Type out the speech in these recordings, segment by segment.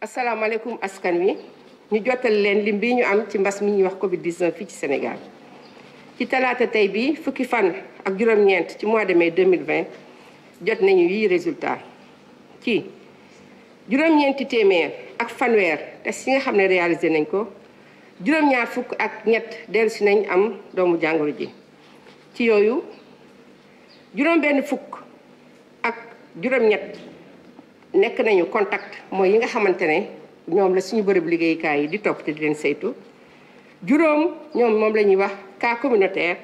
asalaamaaleykum askan wi ñu jotal leen lim bi ñu am ci mbas mi ñuy wax Covid 19 fii ci Sénégal ci talaata tey bii fukki fan ak juróom-ñeent ci mois de mai 2020 jot nañu yi résultat ci juróom-ñeenti téeméer ak fanweer test yi nga xam ne réalisé nañ ko juróom-ñaar fukk ak ñett dellusi nañ am doomu jàngoro ji ci yooyu juróom-benn fukk ak juróom-ñett. nekk nañu contact mooy yi nga xamante ne ñoom la suñu bërëb liggéeykaay yi di topp te di leen saytu juróom ñoom moom la ñuy wax cas communautaire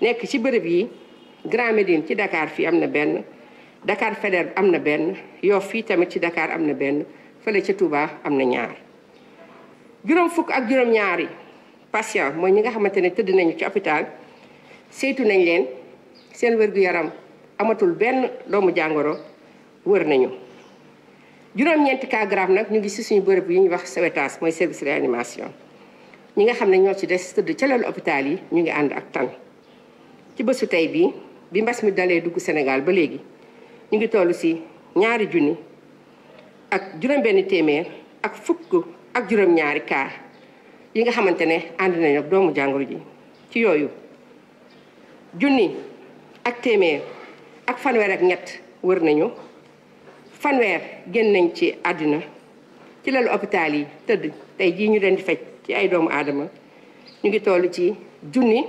nekk ci bërëb yi Grand Médine ci dakaar fii am na benn Dakar Feder am na benn Yoff fii tamit ci dakaar am na benn fële ca Touba am na ñaar juróom fukk ak juróom ñaari patient mooy ñi nga xamante ne tëdd nañu ci hôpital saytu nañ leen seen wér-gu-yaram amatul benn doomu jàngoro wër nañu juróom-ñeenti cas grave nag ñu ngi si suñu bërëb yi ñu wax sauvetage mooy service réanimation ñi nga xam ne ñoo ci des tëdd ca lalu hôpital yi ñu ngi ànd ak tan ci bésu tey bii bi mbas mi dalee dugg Sénégal ba léegi ñu ngi toll si ñaari junni ak juróom-benn téeméer ak fukk ak juróom-ñaari cas yi nga xamante ne ànd nañu ak doomu jàngoro ji ci yooyu junni ak téeméer ak fanweer ak ñett wër nañu. fanweer génn nañ ci àddina ci lalu hôpital yi tëdd tey jii ñu leen di faj ci ay doomu aadama ñu ngi tollu ci junni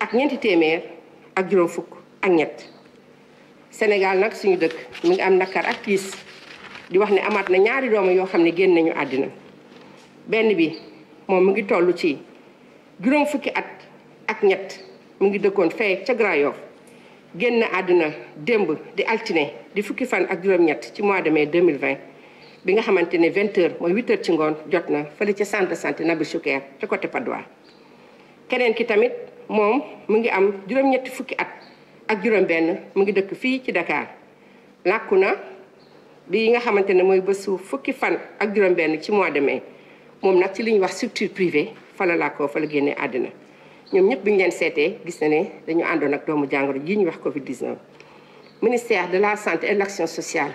ak ñeenti téeméer ak juróom fukk ak ñett Sénégal nag suñu dëkk mu ngi am nakar ak tiis di wax ne amaat na ñaari dooma yoo xam ne génn nañu àddina benn bi moom mu ngi toll ci juróom fukki at ak ñett mu ngi dëkkoon fee ca Grand Yoff génn àdduna démb di altine di fukki fan ak juróom-ñett ci mois de mai 2020 bi nga xamante ne 20 heures mooy 8 heures ci ngoon jot na fa fële ca centre santé Nabil Choucair ca côté Padoua keneen ki tamit moom mu ngi am juróom-ñetti fukki at ak juróom-benn mu ngi dëkk fii ci dakaar làkku na bi nga xamante ne mooy bésu fukki fan ak juróom-benn ci mois de mai moom nag ci li ñu wax structure privée fala làkkoo fala génnee àddina ñoom ñëpp bi ñu leen seetee gis na ne dañu àndoon ak doomu jàngoro ji ñu wax Covid 19. ministère de la santé et l'action sociale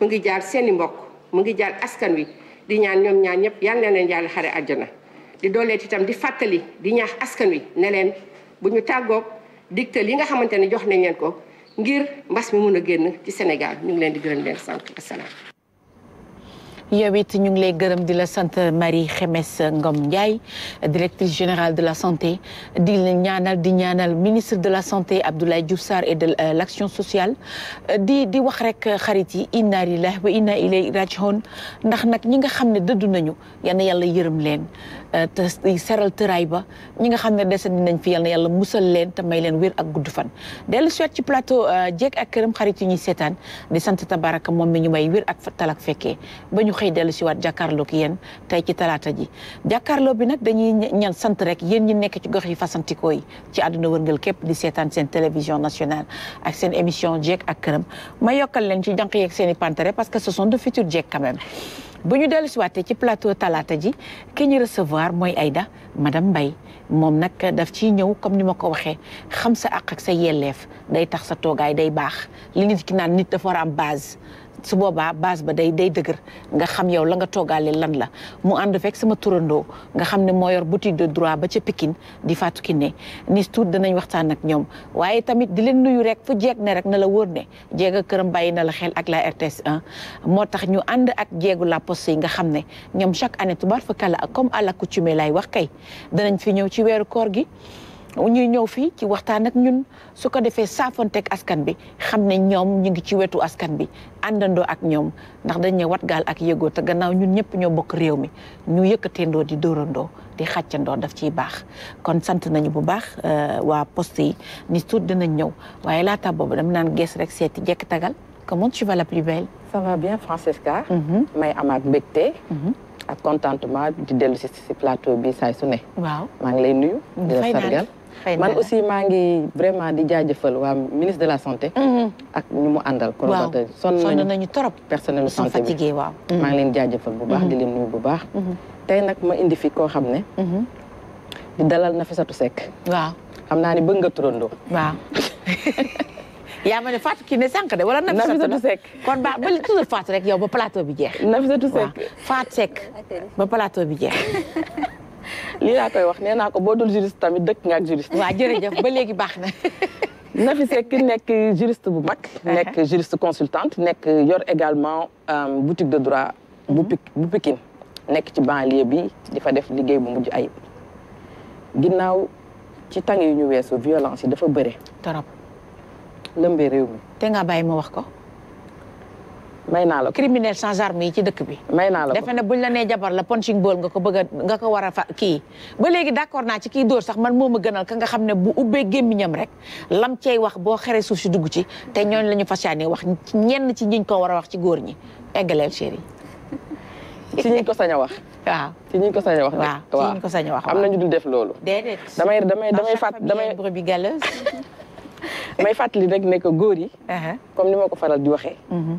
mu ngi jaar seeni mbokk mu ngi jaar askan wi di ñaan ñoom ñaan ñëpp yal na leen yàlla xare àjjana di dooleet itam di fàttali di ñaax askan wi ne leen bu ñu tàggoog digtal yi nga xamante ne jox nañ leen ko ngir mbas mi mun a génn ci Sénégal ñu ngi leen di gërëm leen sant asalaam. yow it ñu ngi lay gërëm di la sant Marie Khemesse Ngom Ndiaye directrice générale de la santé di ñaanal di ñaanal ministre de la santé Abdoulaye Diouf Sarr et de l' euh, sociale di di wax rek xarit yi inna lillahi wa ina ilayhi rajiun ndax nag ñi nga xam ne dëddu nañu yal na yàlla yërëm leen euh, te seral tëraay ba ñi nga xam ne desandi nañ fi yal na yàlla musal leen te may wir ak gudd fan dellu soit ci plateau jeeg euh, ak këram xarit yi ñuy seetaan di sant tabaraka moom mi ñu may wér ak talak fekkee xëy dellu si waat jàkkaarloog yéen tey ci talaata ji jàkkaarloo bi nag dañuy ñaan sant rek yéen ñi nekk ci gox yi fasantikoo yi ci àdduna wërngal képp di seetaan seen télévision nationale ak seen émission jeeg ak këram ma yokkal leen ci jànq yeeg seen i pantere parce que ce sont de futurs jeeg quand bu ñu dellu si waatee ci plateau talaata ji ki ñu recevoir mooy ay da ma madame mbay moom nag daf ci ñëw comme ni ma ko waxee xam sa àq ak sa yelleef day tax sa toogaay day baax li nit ki naan nit dafa war am base su boobaa base ba day day dëgër nga xam yow la nga toogaale lan la mu ànd fekk sama turandoo nga xam ne moo yor boutique de droit ba ca Pikine di Fatou ne nis tuut danañ waxtaan ak ñoom waaye tamit di leen nuyu rek fu jeg ne rek na la wóor ne jeeg këram bàyyi na la xel ak la RTS 1 moo tax ñu ànd ak jeegu la poste yi nga xam ne ñoom chaque année tubaar fa kala comme à l'accoutumée lay wax kay danañ fi ñëw ci weeru koor gi ñuy ñëw fii ci waxtaan ak ñun su ko defee saafonteeg askan bi xam ne ñoom ñu ngi ci wetu askan bi àndandoo ak ñoom ndax dañu ne wat gaal ak yëgoo te gannaaw ñun ñëpp ñoo bokk réew mi ñu yëkkateendoo di dóorandoo di xàccandoo daf ci baax kon sant nañu bu baax euh, waa poste yi ni suut dinañ ñëw waaye laata boobu dama naan gees rek seeti jekk tagal comment tu vas la plus belle ça va bien Francesca mm-hmm. may amaat mbégte mm-hmm. ak contentement di dellu si si plateau bi saay su waaw maa ngi lay nuyu di man aussi maa ngi vraiment di jaajëfal waa ministre de la santé. Mhm. ak ñu mu àndal. waaw sonn nañu trop personnel santé bi waaw. Mhm. maa ngi leen jaajëfal bu baax di mhm. leen nuyu bu baax. tey nag ma indi fi koo xam ne. di dalal Nafissatou Seck. waaw xam naa ne bëgg nga turandoo. yaa ma ne Fatou kii ne sànq de wala Nafissatou Seck kon baax ba toujours Fatou rek yow ba plateau bi jeex. Nafissatou Seck Fatou Seck ba plateau bi jeex. lii laa koy wax nee naa ko boo dul juriste tamit dëkk nga ak juriste. waaw jërëjëf ba léegi baax na. Nafi Seck nek juriste bu mag. Uh-huh. nekk juriste consultante nekk yor également euh, boutique de droit. bu Pik bu Pikine nekk ci banlieue bi di def liggéey bu mujj ayib. ginnaaw ci tàng yu ñu weesu violence yi dafa bëre. trop lëmbee réew mi. te nga bàyyi ma wax ko. may naa la criminel sans arme yi ci dëkk bi may naa la defe ne buñ la nee jabar la punching ball nga ko bëgg a nga ko war a fa kii ba léegi d'accord naa ci kii dóor sax man moo ma gënal ka nga xam ne bu ubbee gémmiñam rek lam cey wax boo xere suuf si dugg ci te ñooñ la ñu fas yéene wax ñenn ci ñiñ ko war a wax ci góor ñi eggaleel chéri ci ñiñ ko sañ a wax waaw ci ñiñ ko sañ a wax waaw ci ñiñ ko sañ a wax am na ñu dul def loolu déedéet damay damay damay fàtt damay brebis galeuse may fàttali rek ne ko góor yi uh-huh. comme ni ma ko faral di waxee mm-hmm.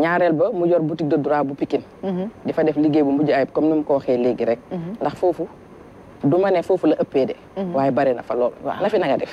ñaareel ba mu yor boutique de droit bu Pikine mhm. di def liggéey bu mujj ayib comme ni mu ko waxee léegi rek mhm. ndax foofu du ma ne foofu la ëppee de mhm. waaye bari na fa lool waaw na na nga def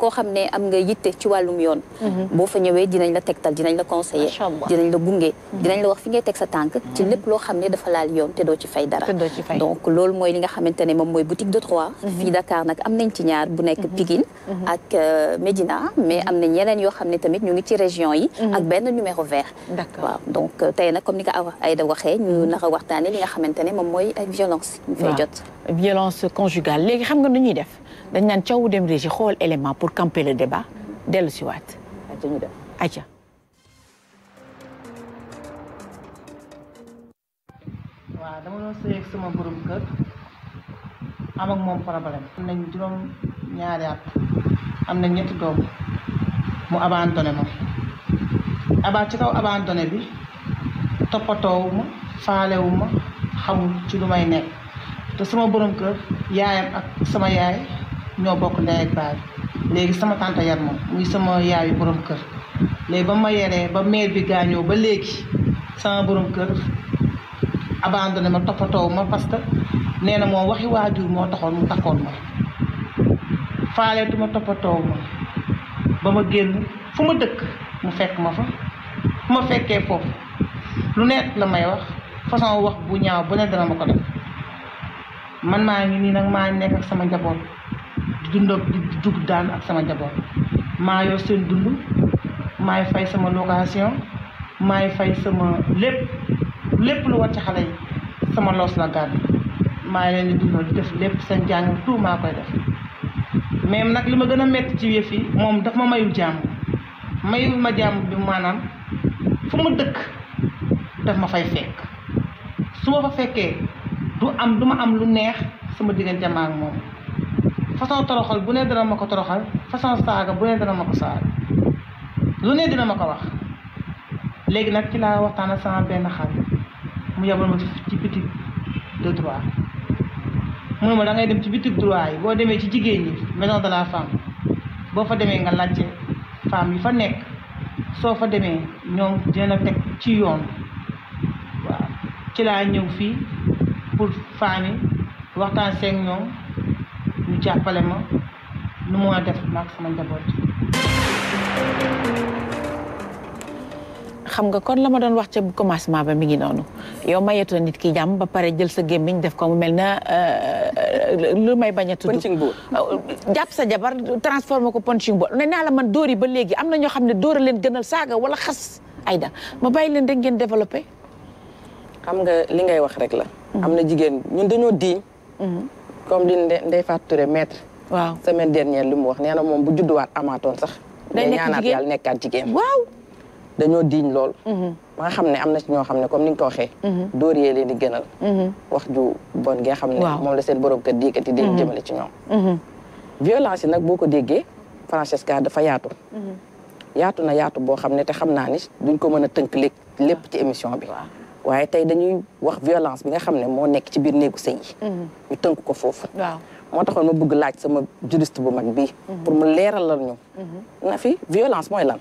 ko xamné am nga yitté ci walum yoon mhm. bo fa ñëwee dinañ la tegtal dinañ la conseiller dinañ la gunge mhm. dinañ la wax fi ngay teg sa tank ci mhm. lépp lo xamné dafa laal yoon té do ci fay dara donc lool moy li nga xamante ne moom mooy boutique de trois fi Dakar nak am nañ ci ñaar bu nekk pigine ak euh, Médina mais am nañ yeneen yo xamné tamit ñu ngi ci région yi ak ben numéro vert d'accord donc euh, tay nak comme ni ka ay da waxé ñu naka waxtané li nga xamante ne moom mooy euh, violence fay jot violence conjugale légui xam nga nu ñuy def dañ naan caw dem régi xool élément pour camper le débat dellu si waat acca waaw dama doon sëyeeg sama borom kër am ak moom problème am nañ juróom ñaari at na ñetti doom abaa ci kaw abandonné bi toppatoowu ma xamul ci lu may nekk te sama borom kër yaayam ak sama yaay ñoo bokk ndey ak baay léegi sama tante yar moom muy sama yaayu borom kër léegi ba ma yeree ba maire bi gaañoo ba léegi sama borom kër abandonné ma toppatoo ma parce que nee na moom waxi waajur moo taxoon mu takkoon ma faaleetu ma toppatoo ba ma génn fu ma dëkk mu fekk ma fa fu ma fekkee foofu lu nekk la may wax façon wax bu ñaaw bu ne dana ma ko def man maa ngi nii nag maa nekk sama njaboot dund ak di dugg daan ak sama njaboot maa yor seen dund maay fay sama location maay fay sama lépp lépp lu xale yi sama loos la gàddu maa leen di dundal di def lépp seen jàng tout maa koy def mais nag li ma gën a métti ci yëf yi moom daf ma mayul jàmm mayul ma jàmm bi maanaam fu ma dëkk daf ma fay fekk su ma fa fekkee du am du ma am lu neex sama diggante ak moom. façon toroxal bu ne dana ma ko toroxal façon saaga bu ne dana ma ko saaga lu ne dina ma ko wax léegi nag ci laa waxtaan ak benn xarit mu yabal ma ci bitik de droit mu ne dem ci boutique droit yi boo demee ci jigéen ñi maison de la femme boo fa demee nga laajte femme yi fa nekk soo fa demee ñoom dina la teg ci yoon waaw ci laa ñëw fii pour femme yi waxtaan seeg ñoom ñu jàppale ma nu mu def maag sama nga kon la ma doon wax ca commencement ba mi ngi noonu yow mayetoo nit ki jàmm ba pare jël sa gémmiñ def ko mu mel na euh, lu may bañ a tudd euh, jàpp sa jabar transformé ko punching ball ne naa la man dóor yi ba léegi am na ñoo xam ne dóor a leen gënal saaga wala xas Aïda ma bàyyi leen rek ngeen développé xam nga li ngay wax rek la am na jigéen ñun dañoo diiñ mm-hmm. comme li Ndeye Fatou Touré maître. waaw semaine dernière li mu wax nee na moom bu judduwaat amaatoon sax. day nekk jigéen ñaanaat yàlla nekkaat jigéen. waaw dañoo diiñ lool. Mhm. ba nga xam ne am na ci ñoo xam ne comme ni nga ko waxee. Mhm. dóor yee leen di gënal. Mhm. wax ju bon nga xam ne. moom la seen borom kër diikati di jëmale ci ñoom. violence yi nag boo ko déggee Francesca dafa yaatu. yaatu na yaatu boo xam ne te xam naa ni duñ ko mën a tënk lépp ci émission bi. waaye tey dañuy wax violence bi nga xam ne moo nekk ci biir néegu sëy yi mhm. ñu tënk ko foofu waaw moo taxoon ma bëgg laaj sama juriste bu mag bi mhm. pour mu leeralal ñu mhm. na fi violence mooy lan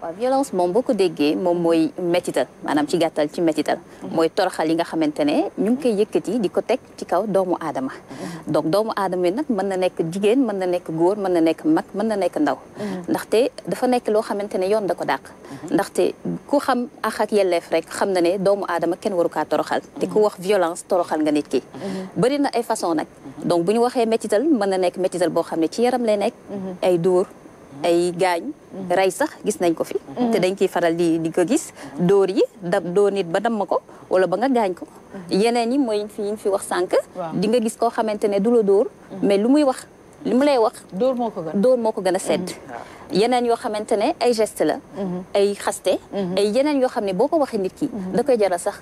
waaw violence moom boo ko déggee moom mooy métital maanaam ci gàttal ci métital mooy toroxal yi nga xamante ne ñu ngi koy yëkkati di ko teg ci kaw doomu aadama donc doomu aadama nag mën na nekk jigéen mën na nekk góor mën na nekk mag mën na nekk ndaw ndaxte dafa nekk loo xamante ne yoon da ko dàq ndaxte ku xam ak ak rek xam na ne doomu aadama kenn waru kaa toroxal te ku wax violence toroxal nga nit ki bëri na ay façon nag donc bu ñu waxee métital mën na nekk métital boo xam ne ci yaram lay nekk ay dóor ay gaañ rey sax gis nañ ko fi te dañ ciy faral di di ko gis dóor yi da dóor nit ba damm ko wala ba nga gaañ ko yeneen yi mooy fi ñu fi wax sànq di nga gis koo xamante ne du la dóor mais lu muy wax li mu lay wax dóor moo ko gën dóor moo ko gën a sedd mm-hmm. yeneen yoo xamante ne ay geste la mm-hmm. ay xaste mm-hmm. ay yeneen yoo xam ne boo nit ki da koy sax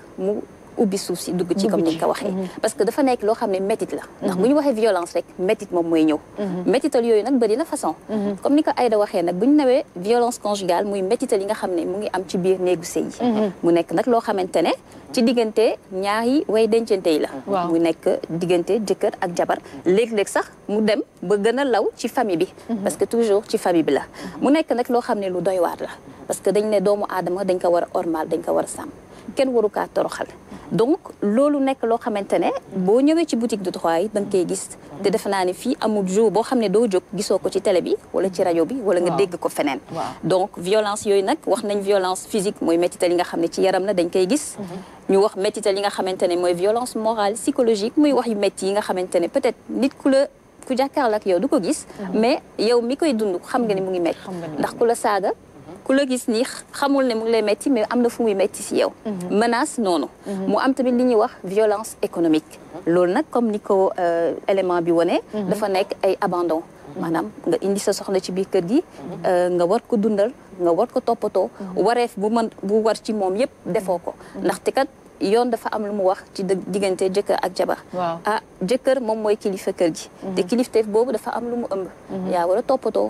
ubbi suuf si dugg ci comme ni nga ko waxee mhm. parce que dafa nekk loo xam ne métit la ndax mhm. bu ñu waxee violence rek métit moom mooy ñëw mhm. métital yooyu nag bëri la façon comme ni ko Aïda waxee nag bu ñu violence conjugale muy métital yi nga xam ne mu ngi am ci biir néegu sëy yi mu nekk nag loo xamante ne ci diggante ñaar way dencante la mu nekk diggante jëkkër ak jabar léeg-léeg sax mu dem ba gën law ci famille bi parce que toujours ci famille bi la mu nekk nag loo xam ne lu doy waar la parce que dañ ne doomu aadama dañ ko war a ormal dañ ko war a sàmm kenn toroxal donc ce que loo xamante ne boo c'est ci boutique de droit yi gis mm-hmm. amul jour une ci télé bi wala ci bi donc violence yooyu violence physique mooy métital yi nga xam ci la gis mm-hmm. violence morale psychologique muy wax yu peut-être nit ku ku yow du mm-hmm. mais yow mi koy dund كل جيس نيخ خمول نمول ماتي مي أمنا فمي ماتي فيو مناس نونو مو أم تبي لني وح فيولانس إقonomic لورنا كم نيكو إلما بيوانة دفنك أي أباندون مانام عند إندي سو صخنة تبي كدي عوار كدندر عوار كتوبتو وارف بومن بوار تي مامي دفوكو نختكت يون دفع أمل موه تد دينته جكر أجبا جكر مم موي كليف كدي دكليف تيف بوب دفع أمل مم يا ورا توبتو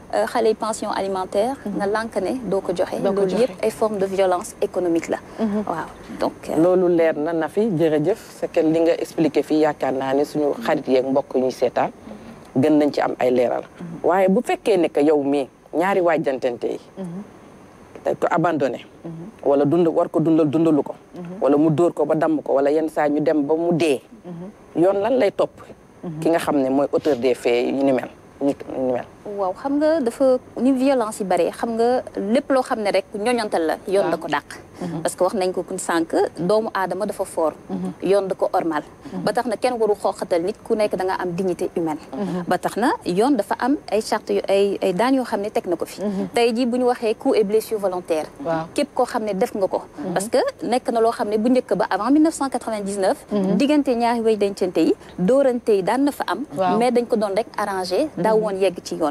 xale les pension alimentaire mhm. na lànk ne doo ko joxe loolu ay forme de violence économique là. Mhm. waaw donc euh, loolu leer na na fi jërëjëf sa kenn li nga expliqué fi yaakaar naa suñu mhm. xarit yeeg mbokk ñu seetaan gën nañ ci am ay léral waye bu féké ne que yow mii ñaari waajantante yi dañ ko abandonné wala dund war ko dundal dundalu ko wala mu dóor ko ba dam ko wala yenn sa ñu dem ba mu dee yoon lan lay top ki nga xamné moy auteur des faits yu ni mel ni mel waaw xam nga dafa ni violence yi bare xam nga lépp loo xam ne rek ñoñantal la yoon da ko dàq parce que wax nañ ko kuñ sànq doomu aadama dafa foor mhm. yoon da ko ormal mhm. ba tax na kenn waru xooxatal nit ku nekk da nga am dignité humaine mhm. ba tax na yoon dafa am ay charte yu ay ay daan yoo xam ne teg na ko fi tey jii bu ñu waxee et blessures volontaire. képp koo xam ne def nga ko parce que nekk na loo xam ne bu njëkk ba avant 1999 diggante ñaari way dencante yi dóorante yi daan na fa am mais dañ ko doon rek arrangé daa woon yegg ci yoon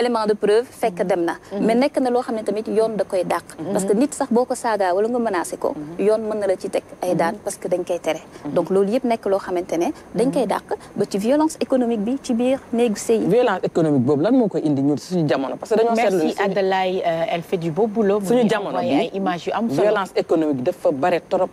élément de preuve fekk mhm. dem na mhm. mais nek na lo xam tamit yoon da koy dàq mhm. parce que nit sax boko saga wala nga menacer ko yoon mën na la ci tek ay daan parce que dañ koy téré donc loolu yep nek lo xamantene dañ koy dàq ba ci violence économique bi ci bir néegu sëy violence économique bob lan moko indi ñu suñu jamono parce que dañu sétlu merci Adelaï euh, elle fait du beau boulot suñu jamono bi image yu am solo violence économique dafa bare torop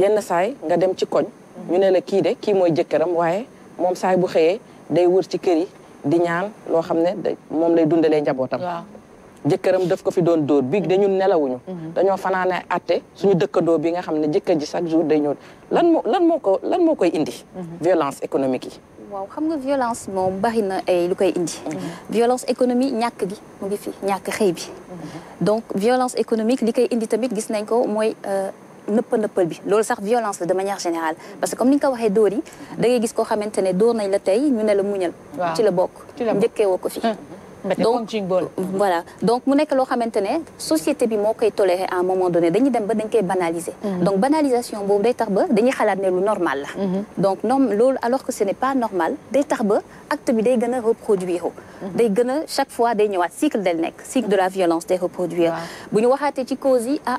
yenn say nga dem ci koñ ñu ne la kii de kii mooy jëkkëram waaye moom saay bu xëyee day wër ci kër yi di ñaan loo xam ne moom lay dundalee njabootam. jëkkëram daf ko fi doon dóor bi dañu nelawuñu. Mm-hmm. dañoo fanaane àtte suñu dëkkandoo bi nga xam ne jëkkër ji chaque jour day ñëw lan moo lan ko lan moo koy indi. Mm-hmm. violence économique yi. waaw xam nga violence moom bari na ay lu koy indi. Mm-hmm. violence économique ñàkk gi mu ngi fi ñàkk xëy bi. donc violence économique li koy indi tamit gis nañ ko mooy. Euh, peut violence de manière générale parce que comme ni ko da ngay gis ko xamantene la ñu ne la muñal ci la hum. donc euh, voilà donc mu société bi koy à un moment donné dañuy dem ba dañ hum. donc banalisation day tax ba dañuy normal la hum. donc non, alors que ce n'est pas normal day tax acte bi day reproduire day chaque fois day cycle del cycle de la violence day reproduire bu ñu ci cause yi ah,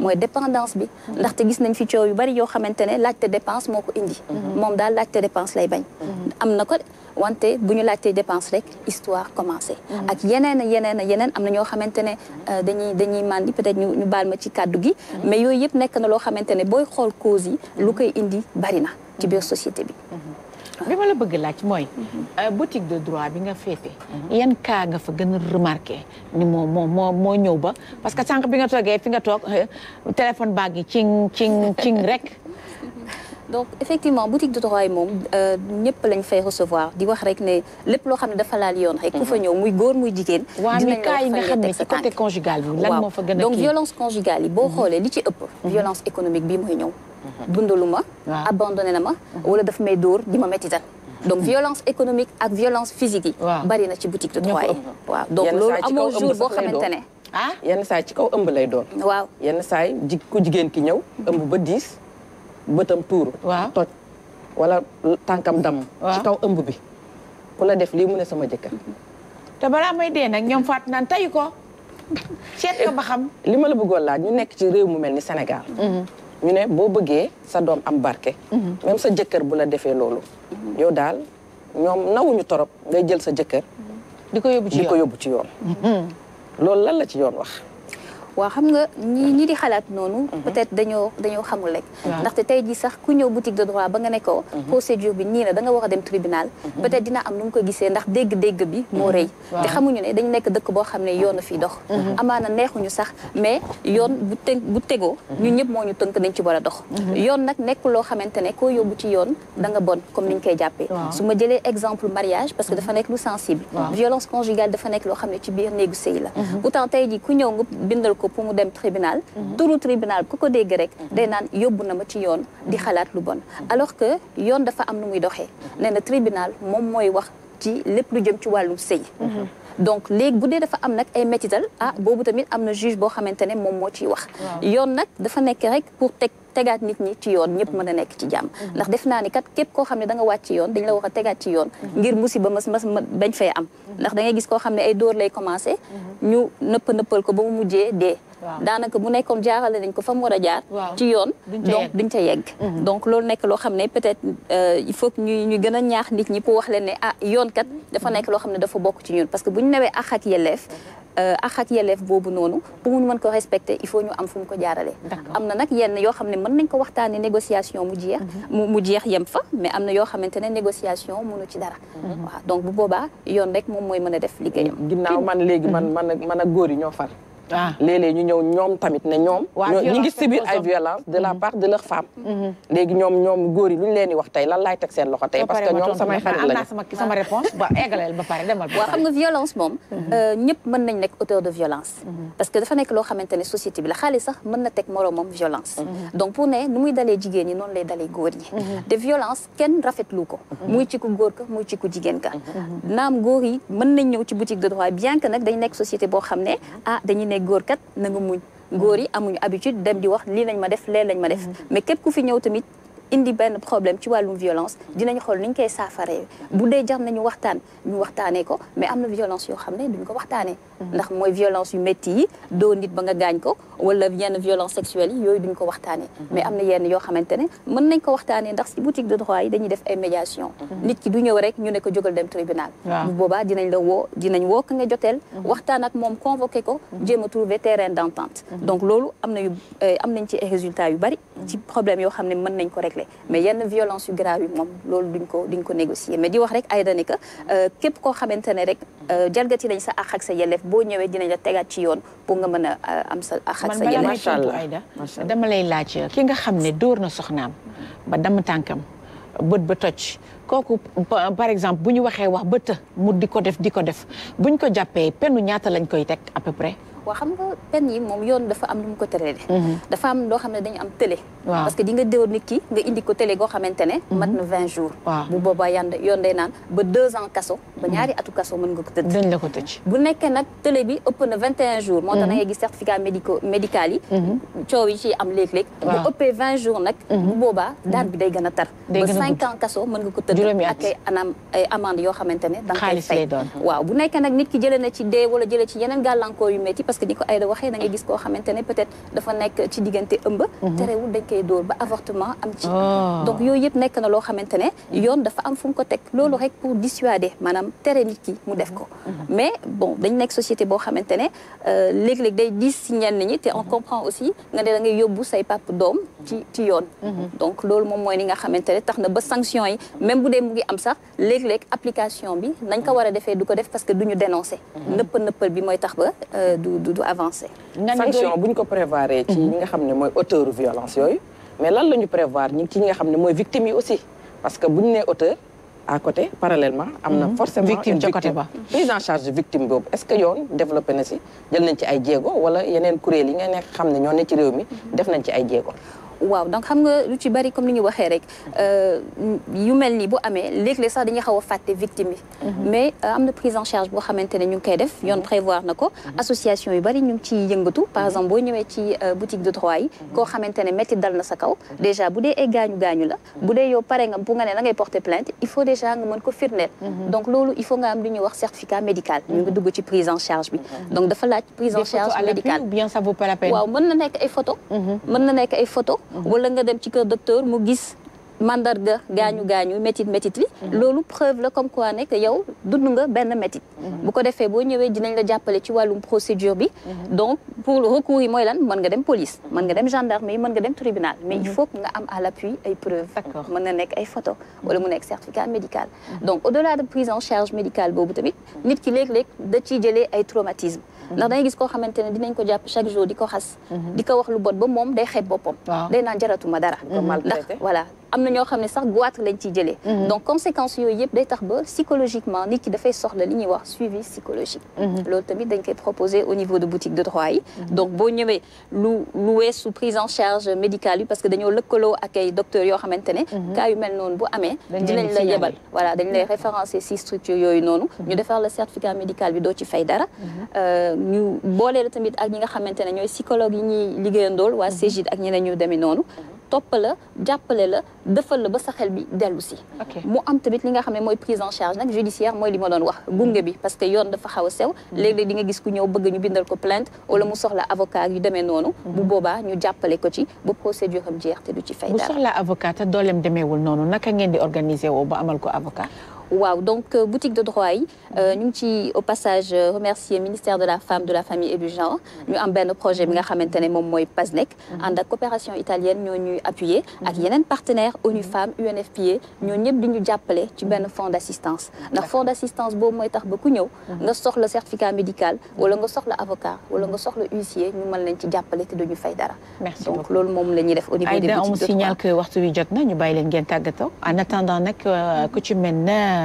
mooy dépendance bi ndaxte gis nañ fi coow yu bari yoo xamante ne laajte dépense moo ko indi moom daal laajte dépense lay bañ am na ko wante bu ñu laajtee dépense rek histoire commencé ak yeneen yeneen yeneen am na ñoo xamante ne euh, dañuy dañuy màndi peut-être ñu ñu baal ma ci kàddu gi mais yooyu yëpp nekk na loo xamante ne booy xool cause yi lu koy indi bari na ci biir société bi bi ma la bëgg laaj mooy. Euh, boutique de droit bi nga féete. yan cas fa gën a remarqué ni moo moo ñëw ba parce que sànq bi nga toogee fi nga toog euh, téléphone baa yi cing cing cing rek. donc effectivement boutique de droit mom euh ñëpp lañ fay recevoir di wax rek né lepp lo xamné ne dafa laal yoon rek ku fa mhm. ñëw muy goor muy jigen dinañ kay yi nga xamné ci côté conjugal bi lan fa donc violence conjugale yi boo mhm. xoolee li ci ëpp mhm. violence économique bi muy ñëw dundalu ma abandonné na ma wala daf may dóor di ma métti donc violence économique ak violence physique bari na ci boutique de droit waaw donc loolu amoo jour bo xamantene ne ah yenn saa ci kaw ëmb lay doon waaw yenn saa yi ku jigen ki ñëw ëmb ba 10 bëtam tuur toj wala tànkam damm ci kaw ëmb bi ku la def lii mu ne sama jëkkër te balaa may dee nag ñoom faat naan tey ko seet ko ba xam li ma la bëggoon laaj ñu nekk ci réew mu mel ni Sénégal mhm. ñu ne boo bëggee sa doom am barke mhm. même sa jëkkër bu la defee loolu mhm. yow daal ñoom nawuñu torop ngay jël sa jëkkër di ko yóbbu ci yoon yóbbu ci yoon loolu lan la ci yoon wax waaw xam nga ni ñi di xalaat noonu mhm. peut-être dañoo dañoo xamul rek ndaxte tey jii sax ku ñëw boutique de droit ba nga ne mhm. procédure bi nii la da nga war dem tribunal mhm. peut-être dina am nu ko gisee ndax dégg-dégg bi moo rëy te xamuñu ne dañ nekk dëkk boo xam ne yoonu fii dox amaana neexuñu sax mais yoon bu tënk bu tegoo ñu ñëpp moo ñu tënk dañ ci war dox yoon nag nekk loo xamante ne koo ci yoon da nga bon comme niñ koy jàppee su ma exemple mariage parce que dafa nekk lu sensible violence conjugale dafa nekk loo xam ne ci biir néegu sëy la pourtant tey jii ku ñëw nga bindal pour mu dem tribunal mhm. turu tribunal ku ko dégg rek mhm. day naan yóbbu na ma ci yoon di mhm. xalaat lu bon alors que yoon dafa am nu muy doxee nee tribunal moom mooy wax ci lépp lu jëm ci wàllu sëy donc les, bu dee dafa am nag ay métital ah boobu tamit am na juge boo xamante ne moom moo wax yoon nag dafa nekk rek pour teg tegaat nit ñi ci yoon ñëpp mën a nekk ci jàmm mm-hmm. ndax def naa ni kat képp koo xam ne da nga wàcc ci yoon dañ la wax a tegaat ci yoon mm-hmm. ngir musiba mas mas bañ fay am mm-hmm. ndax da ngay gis koo xam ne ay door lay commencé ñu nëpp nëppal ko ba mu mujjee dee danaka bu nekkoon jaarale nañ ko fam mu war a jaar ci yoon donc duñ ca yegg mhm. donc loolu nekk lo xamné peut-être euh, il faut que ñuy ñu gëna a ñaax nit ñi pour wax leen né ah yoon kat dafa nekk lo xamné dafa bokk ci ñun parce que buñ newé ak euh, ak yelef euh ak ak yelef bobu noonu pour mu mën ko respecter il faut ñu am fu mu ko jaarale amna nak yenn yo xamné ne mën nañ ko waxtaanee négociation mu jeex mhm. mu jeex yem fa mais amna yo xamantene xamante ne négociation mënu ci dara mhm. donc bu boba yoon rek mom moy mën def liggéeyam ginnaw man légui man man man ak góor yi ñoo far ah. léeg-léeg ñu ñëw ñoom tamit ne ñoom ñi ngi subir ay violence de la mhm. part de leur femme mhm. léegi ñoom ñoom góor yi lu ñu leen di wax tey lan laay teg seen loxo tey parce que ñoom samay xarit lañu sama réponse ba eggaleel ba pare demal waaw xam nga violence moom mhm. euh, ñëpp mën nañ nekk auteur de violence parce que dafa nekk loo xamante ne société bi la xaalis sax mën na teg moroomam violence donc pour ne nu muy dalee jigéen ñi noonu lay dalee góor ñi te violence kenn rafetlu ko muy ci ku góor ka muy ci ku jigéen ka naam góor yi mën nañ ñëw ci boutique de droit bien que nag dañ nekk société boo xam ne ah dañuy ne góor kat na nga muñ góor yi amuñu habitude dem di wax lii lañ ma def lee lañ ma def mm-hmm. mais képp ku fi ñëw tamit indi benn problème ci wàllum violence dinañ xol niñ koy safaré bu dee jar nañu waxtaan ñu waxtané ko mais am violence yo xamné ne duñ ko waxtané mm-hmm. ndax moy violence yu métti do nit ba nga gañ ko wala yenn violence sexuelle yoy duñ ko waxtané mm-hmm. mais am yenn yo xamante ne mën nañ ko waxtané ndax ci boutique de droit yi dañuy def ay médiation mm-hmm. nit ki du ñëw rek ñu ne ko jógal dem tribunal bu boba dinañ la wo dinañ wo ka nga jotel waxtaan ak mom convoquer ko jéem trouver terrain d'entente donc lolu am na yu euh, am ci résultat yu bari ci problème yo xamné ne mën nañ ko rek régler mais yenn violence yu grave moom loolu duñ ko duñ ko négocier mais di wax rek Aïda ne que euh, képp koo xamante ne rek euh, jalgati nañ sa àq ak sa yelleef boo ñëwee dinañ la tegaat ci yoon pour nga mën a euh, am sa àq ak sa yelleef macha allah Aïda dama lay laaj ki nga xam ne dóor na soxnaam ba damm tànkam bët ba toj kooku par exemple bu ñu waxee wax bëtt mu di ko def di ko def buñ ko jàppee pennu ñaata lañ koy teg à peu près waaw xam nga peine yi moom yoon dafa am lu mu ko tëralee. Mhm. dafa am loo xam ne dañu am télé. parce que di nga nit ki nga indi ko télé goo xamante mhm. mhm. nag télé bi ëpp na jours. moo tax da ngay gis médical yi. coow yi ci am léeg-léeg. bu ëppee jours nag. bu boobaa daal bi day gën a tar. a ba cinq ans kaso mën nga ko tëj. ak ay anam yoo xamante ne. da fay waaw bu nekkee nag nit ki jëlee na ci dee wala jëlee ci yeneen gàllankoor yu métti parce que ni ay da waxe da ngay gis ko xamantene peut-être dafa nek ci diggante ëmb mhm. terewul dañ koy door ba avortement am ci oh. donc yooyu yëpp nekk na lo xamantene ne yoon dafa am fu ko tek lolu rek pour dissuader manam téré nit ki mu def ko mhm. Mhm. mais bon dañ nek société bo xamantene ne euh, léeg-léeg day diis si ñenn ñi on comprend aussi nga ne da ngay yobbu say pap dom ci ci yoon donc lolu mom moy ni nga xamantene ne tax na ba sanction yi même bu dee mu ngi am sax léeg-léeg application bi nañ ko wara défé du ko def parce que duñu dénoncer nëppal nëppal bi moy tax ba euh, du du avancer. avancer. sanction prévoir ci auteurs de violence mais prévoir victimes aussi parce que si auteur à côté parallèlement mhm. forcément victime prise en charge victime est-ce que ont développé na si jël nañ ci ay wala waaw donc xam nga lu ci bari comme ni ñu waxee rek euh, yu mel ni bu amee léeg-léeg sax dañuy xaw a fàtte victime yi mhm. mais euh, am na prise en charge boo xamante ne ñu ngi koy def yoon prévoir na ko mhm. association yu bari ñu ngi ciy yëngatu par mhm. exemple boo ñëwee ci euh, boutique de droit yi koo xamante ne métti dal na sa kaw déjà bu dee ay gaañu gaañu la bu dee yow pare nga bu nga ne da ngay porter plainte il faut déjà nga mën ko firndeel donc loolu il faut nga am lu ñuy wax certificat médical ñu ngi dugg ci prise en charge bi donc dafa laaj prise en charge médicale waaw mën na nekk ay photo mën na nekk ay photo Mhm. wala nga dem ci kër docteur mu gis mandarga gañu gañu métit métit li mhm. loolu preuve la comme quoi nek yow dund nga ben métit mhm. bu ko defee bo ñëwé dinañ la jappalé ci walum procédure bi donc pour le recours yi lan mën nga dem police mën nga dem gendarmerie mën nga dem tribunal mais il faut que nga am à l'appui ay preuves mën na nek ay photo wala mu nek certificat médical donc au delà de prise en charge médicale bobu tamit nit ki léeg-léeg da ci jëlé ay traumatisme ndax dangay gis koo xamante ne dinañ ko jàpp chaque jour di ko xas mhm. di ko wax lu bon ba moom day xeeb boppam day naan jaratuma dara mhm. ndax voilà am na ñoo xam ne sax goitre lañ ci jëlee mhm. donc conséquences yooyu yëpp day tax ba psychologiquement nit ki dafay soxla li ñuy wax suivi psychologique loolu tamit dañ koy proposer au niveau de boutique de droit yi donc boo ñëwee lu lu weesu prise en charge médicale yi parce que dañoo lëkkaloo ak ay docteurs yoo xamante ne cas yu mel noonu bu amee dinañ la yebal voilà dañ lay référencer si structures yooyu noonu ñu defar la certificat médical bi doo ci fay dara euh, ñu boole tamit ak ñi nga xamante ne ñooy psychologue yi ñuy liggéeyandool waa Cégide mhm. ak ñeneen ñu demee noonu mhm. topp la jàppale la defal la ba sa xel bi dellu si mu am tamit li nga xam ne mooy prise en charge nag judiciaire mooy li ma doon wax gunge mhm. bi parce que yoon dafa xaw a sew léeg-léeg nga gis ku ñëw bëgg ñu bindal ko plainte wala mu soxla avocat yu demee noonu bu boobaa ñu jàppale ko ci ba procédure am jeex te du ci fay dara bu soxla avocat te dooleem demeewul noonu naka ngeen di organiser woo ba amal ko avocat waaw donc euh, boutique de droit yi euh, ñu ci au passage euh, remercier ministère de la femme de la famille et du genre ñu am benn projet bi nga xamante ne moom mooy PASNEC ànd ak coopération italienne ñoo ñuy appuyer ak yeneen partenaires ONU Femmes UNFPA ñoo ñëpp di ñu ci benn fonds d'assistance ndax fonds d'assistance boobu mooy tax ba ku ñëw nga soxla certificat médical wala nga soxla avocat wala nga soxla huissier ñu mën leen ci jàppale te duñu fay dara donc loolu moom la ñuy def au niveau des boutiques Aïda on signale que waxtu wi jot na ñu bàyyi ngeen en attendant que ku ci mel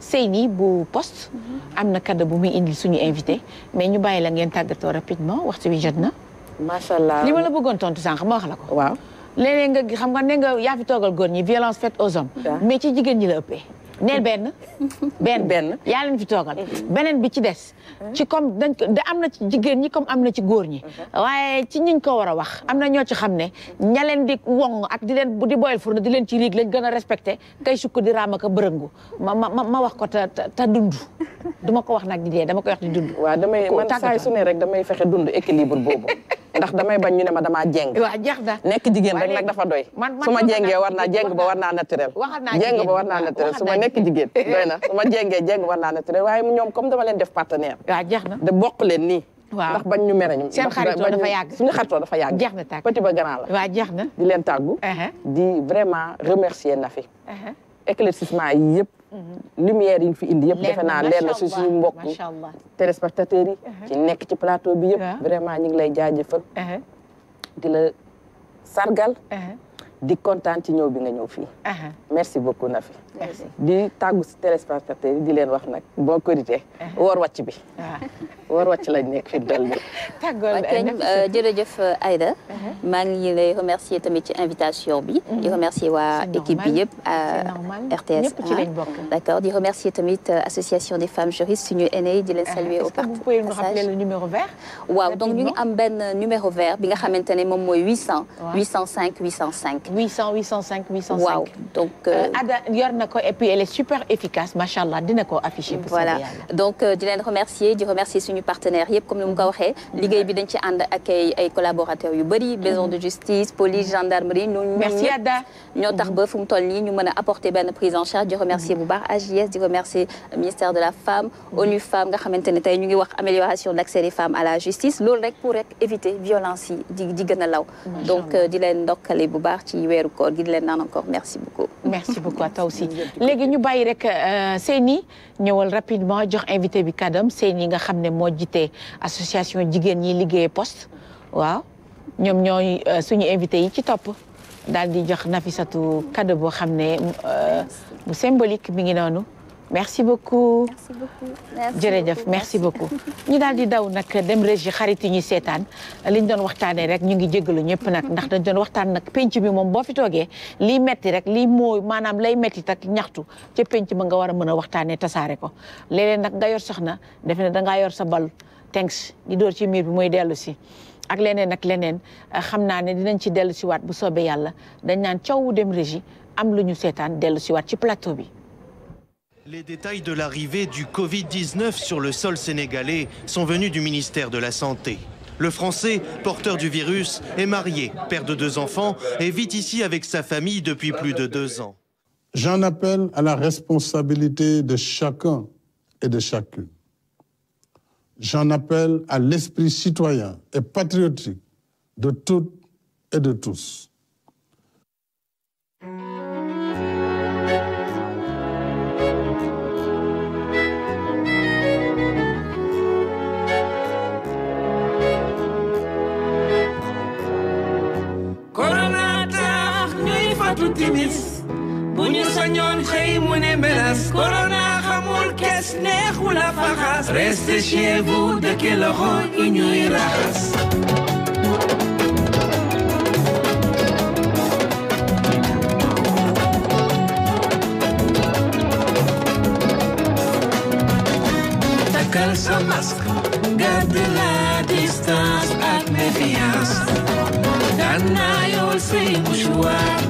Seyni bu poste am na cadeau bu muy indil suñu invité mais ñu bàyyi la ngeen tàggatoo rapidement waxtu wi jot na. macha allah li ma la bëggoon tontu sànq ma wax la ko. waaw léeg-léeg nga xam nga ne nga yaa fi toogal góor ñi violence faite aux hommes. mais ci jigéen ñi la ëppee. neel benn. benn benn yaa leen fi toogal. Mhm. beneen bi ci des. Mhm. ci comme dañ ko da am na ci jigéen ñi comme am na ci góor ñi. Mhm. waaye ci ñiñ ko war a wax am na ñoo ci xam ne ña leen di wong ak di leen di boyal furna di leen ci riig lañ gën a respecté kay sukk di raam ak a bërëngu ma ma ma wax ko ta dund du ma ko wax nag di dee dama koy wax di dund. waa damay man saa su ne rek damay fexe dund équilibre boobu. ndax damay bañ ñu ne ma damaa jeng waaw jeex na nekk jigéen rek nag dafa doy su ma jengee war naa jeng ba war naa naturel jeng ba war naa naturel su ma nekk jigéen doy na su ma jengee jeng war naa naturel waaye ñoom comme dama leen def partenaire waaw jeex na de bokk leen nii waaw ndax bañ ñu mere ñu seen xaritoo dafa yàgg suñu xaritoo dafa yàgg jeex na tàgg petit ba grand la jeex na di leen tàggu uh-huh. di vraiment remercier Nafi uh-huh. éclaircissement yi yëpp Mhm. lumière yi ñu fi indi yëpp defe naa leer na si suñu mbokk téléspectateurs yi mhm. ci nekk ci plateau bi yëpp vraiment ñu ngi lay jaajëfal mhm. di la sargal di kontaan ci ñëw bi nga ñëw fii merci beaucoup fi di tagu si téléspectateurs di leen wax nag boo korité woor wàcc bi ah. wor wacc lañ nek fi dal bi euh, jërëjëf ayda ma ngi lay remercier tamit ci invitation bi mm-hmm. di remercier wa équipe bi yëpp euh, RTS d'accord di remercier tamit euh, association des femmes juristes suñu NA di leen saluer au passage vous pouvez nous rappeler le numéro vert waaw donc ñu ngi am ben numéro vert bi nga xamantene mom moy 800 805 805 800 805 805 waaw donc Ada yor na et puis elle est super efficace machin, de voilà donc euh, remercier je remercier ce partenaire comme nous mm-hmm. collaborateurs mm-hmm. de justice police gendarmerie. nous prise en charge je remercie remercie ministère de la femme mm-hmm. ONU Femmes nous avons amélioration l'accès des femmes à la justice pour éviter éviter violence donc euh, merci beaucoup. merci beaucoup à toi aussi. léegi ñu bàyyi rek euh, Seyni ñëwal rapidement jox invité bi kadam Seyni nga xam ne moo jiite association jigéen ñi liggéey poste waaw ñoom ñooy euh, suñu invité yi ci topp daal di jox Nafisatu cadeau boo xam ne bu euh, symbolique mi ngi noonu merci beaucoup merci beaucoup jërëjëf merci beaucoup ñu daal di daw nag dem régi xarit yi ñuy seetaan liñ doon waxtaanee rek ñu ngi jéggalu ñëpp nag ndax dañ doon waxtaan nag penc bi moom boo fi toogee lii metti rek lii mooy maanaam lay metti tak ñaxtu ci penc ba nga war a mën a waxtaanee tasaare ko léeg nag nga yor soxna defe ne dangaa yor sa bal thanks di door ci miir bi muy dellu si ak leneen ak leneen eh, xam naa ne dinañ ci dellu si waat bu soobee yàlla dañ naan coow dem régie am lu ñu seetaan dellu si ci plateau bi Les détails de l'arrivée du Covid-19 sur le sol sénégalais sont venus du ministère de la Santé. Le Français, porteur du virus, est marié, père de deux enfants et vit ici avec sa famille depuis plus de deux ans. J'en appelle à la responsabilité de chacun et de chacune. J'en appelle à l'esprit citoyen et patriotique de toutes et de tous. salaatu timis bu xëy mu ne melas corona xamul kes faxas chez vous loxo raxas sa garde la distance ak méfiance daan naa say mouchoir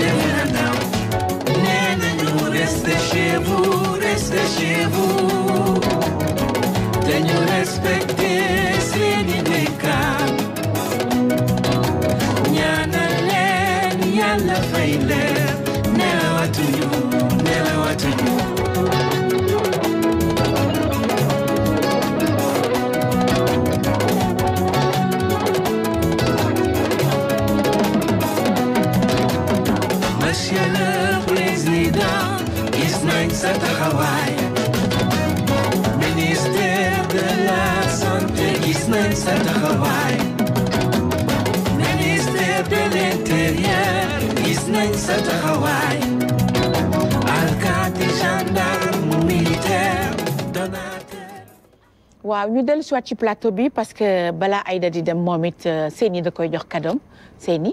Cevirandan Nenenu resteşevu, resteşevu Tenho respecte, travail. Ministère de la Santé, Ismaël ça travaille. Ministère de l'Intérieur, Ismaël ça travaille. Alcate, gendarme, militaire, waaw ñu dellu si waat ci plateau bi parce que balaa Aïda di dem moom it euh, Seyni da koy jox kàddoom Seyni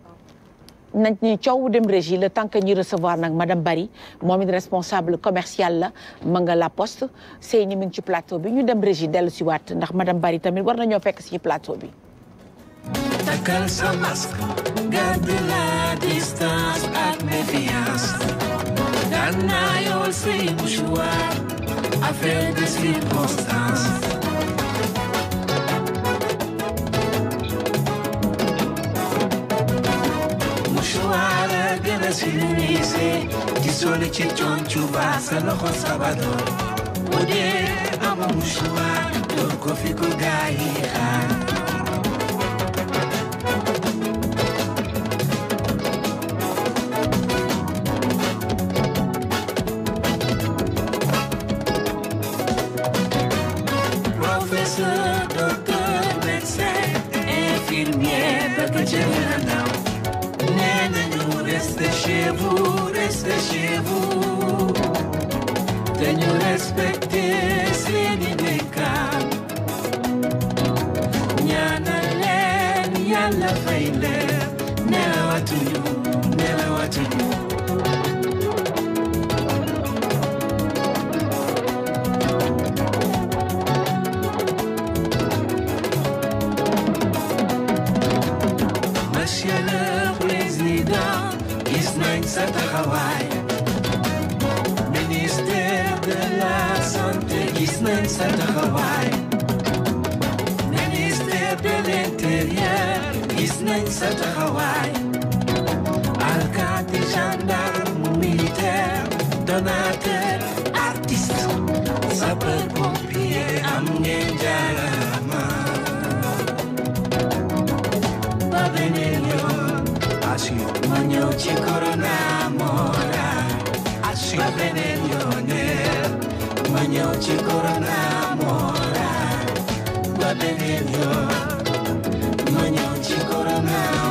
nañ ni coow dem régie le tant que ñuy recevoir nag madame bari moom it responsable commercial la ma nga la poste sëy ni mi ngi ci plateau bi ñu dem régie dellu si waat ndax madame bari tamit war nañoo fekk si plateau bi. Takkal waala gën a silmiise ci soole ci concu ba sa loxo sabado bu dee ama musuwaar door ko fi ko gaayi xaar Professeur, docteur, médecin, infirmier, bëgg jël na restez chez vous, restez chez vous. Te ñu respecté seen idée travail. Ministère de la Santé, gis nañ sa taxawaay. Ministère de l'Intérieur, gis nañ sa taxawaay. Alkaati, gendarme, militaire, donateur, artiste, sapeur-pompier, am ngeen jaarama. Ba beneen yoon, ma ñëw ci beneen yooneel ma ñëw ci Corona Morane ba beneen yoon ma ñëw ci Corona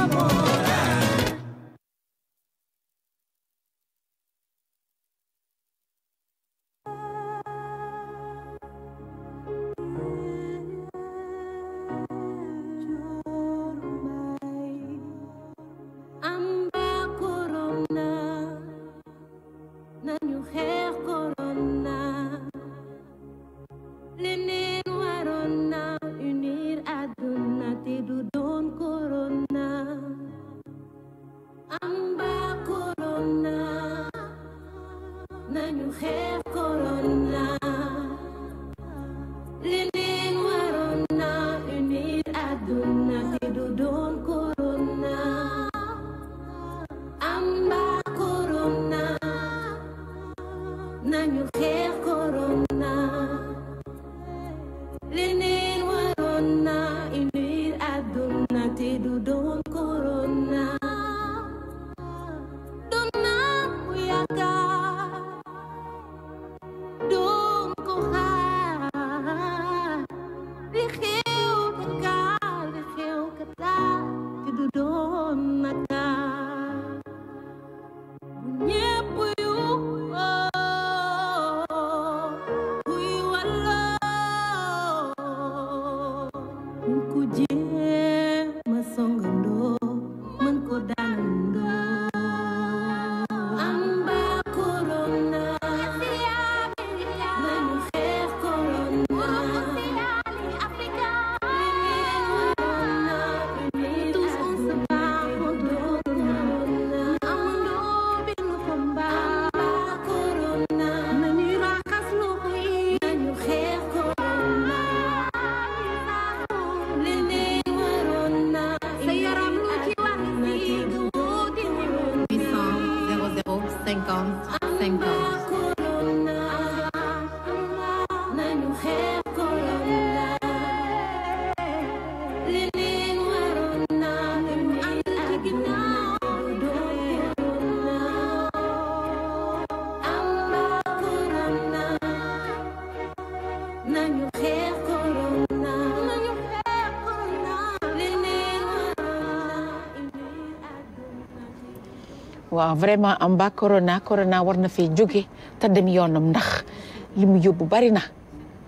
waaw vraiment am ba corona corona war na fi jóge te dem yoonam ndax li mu yóbbu bari na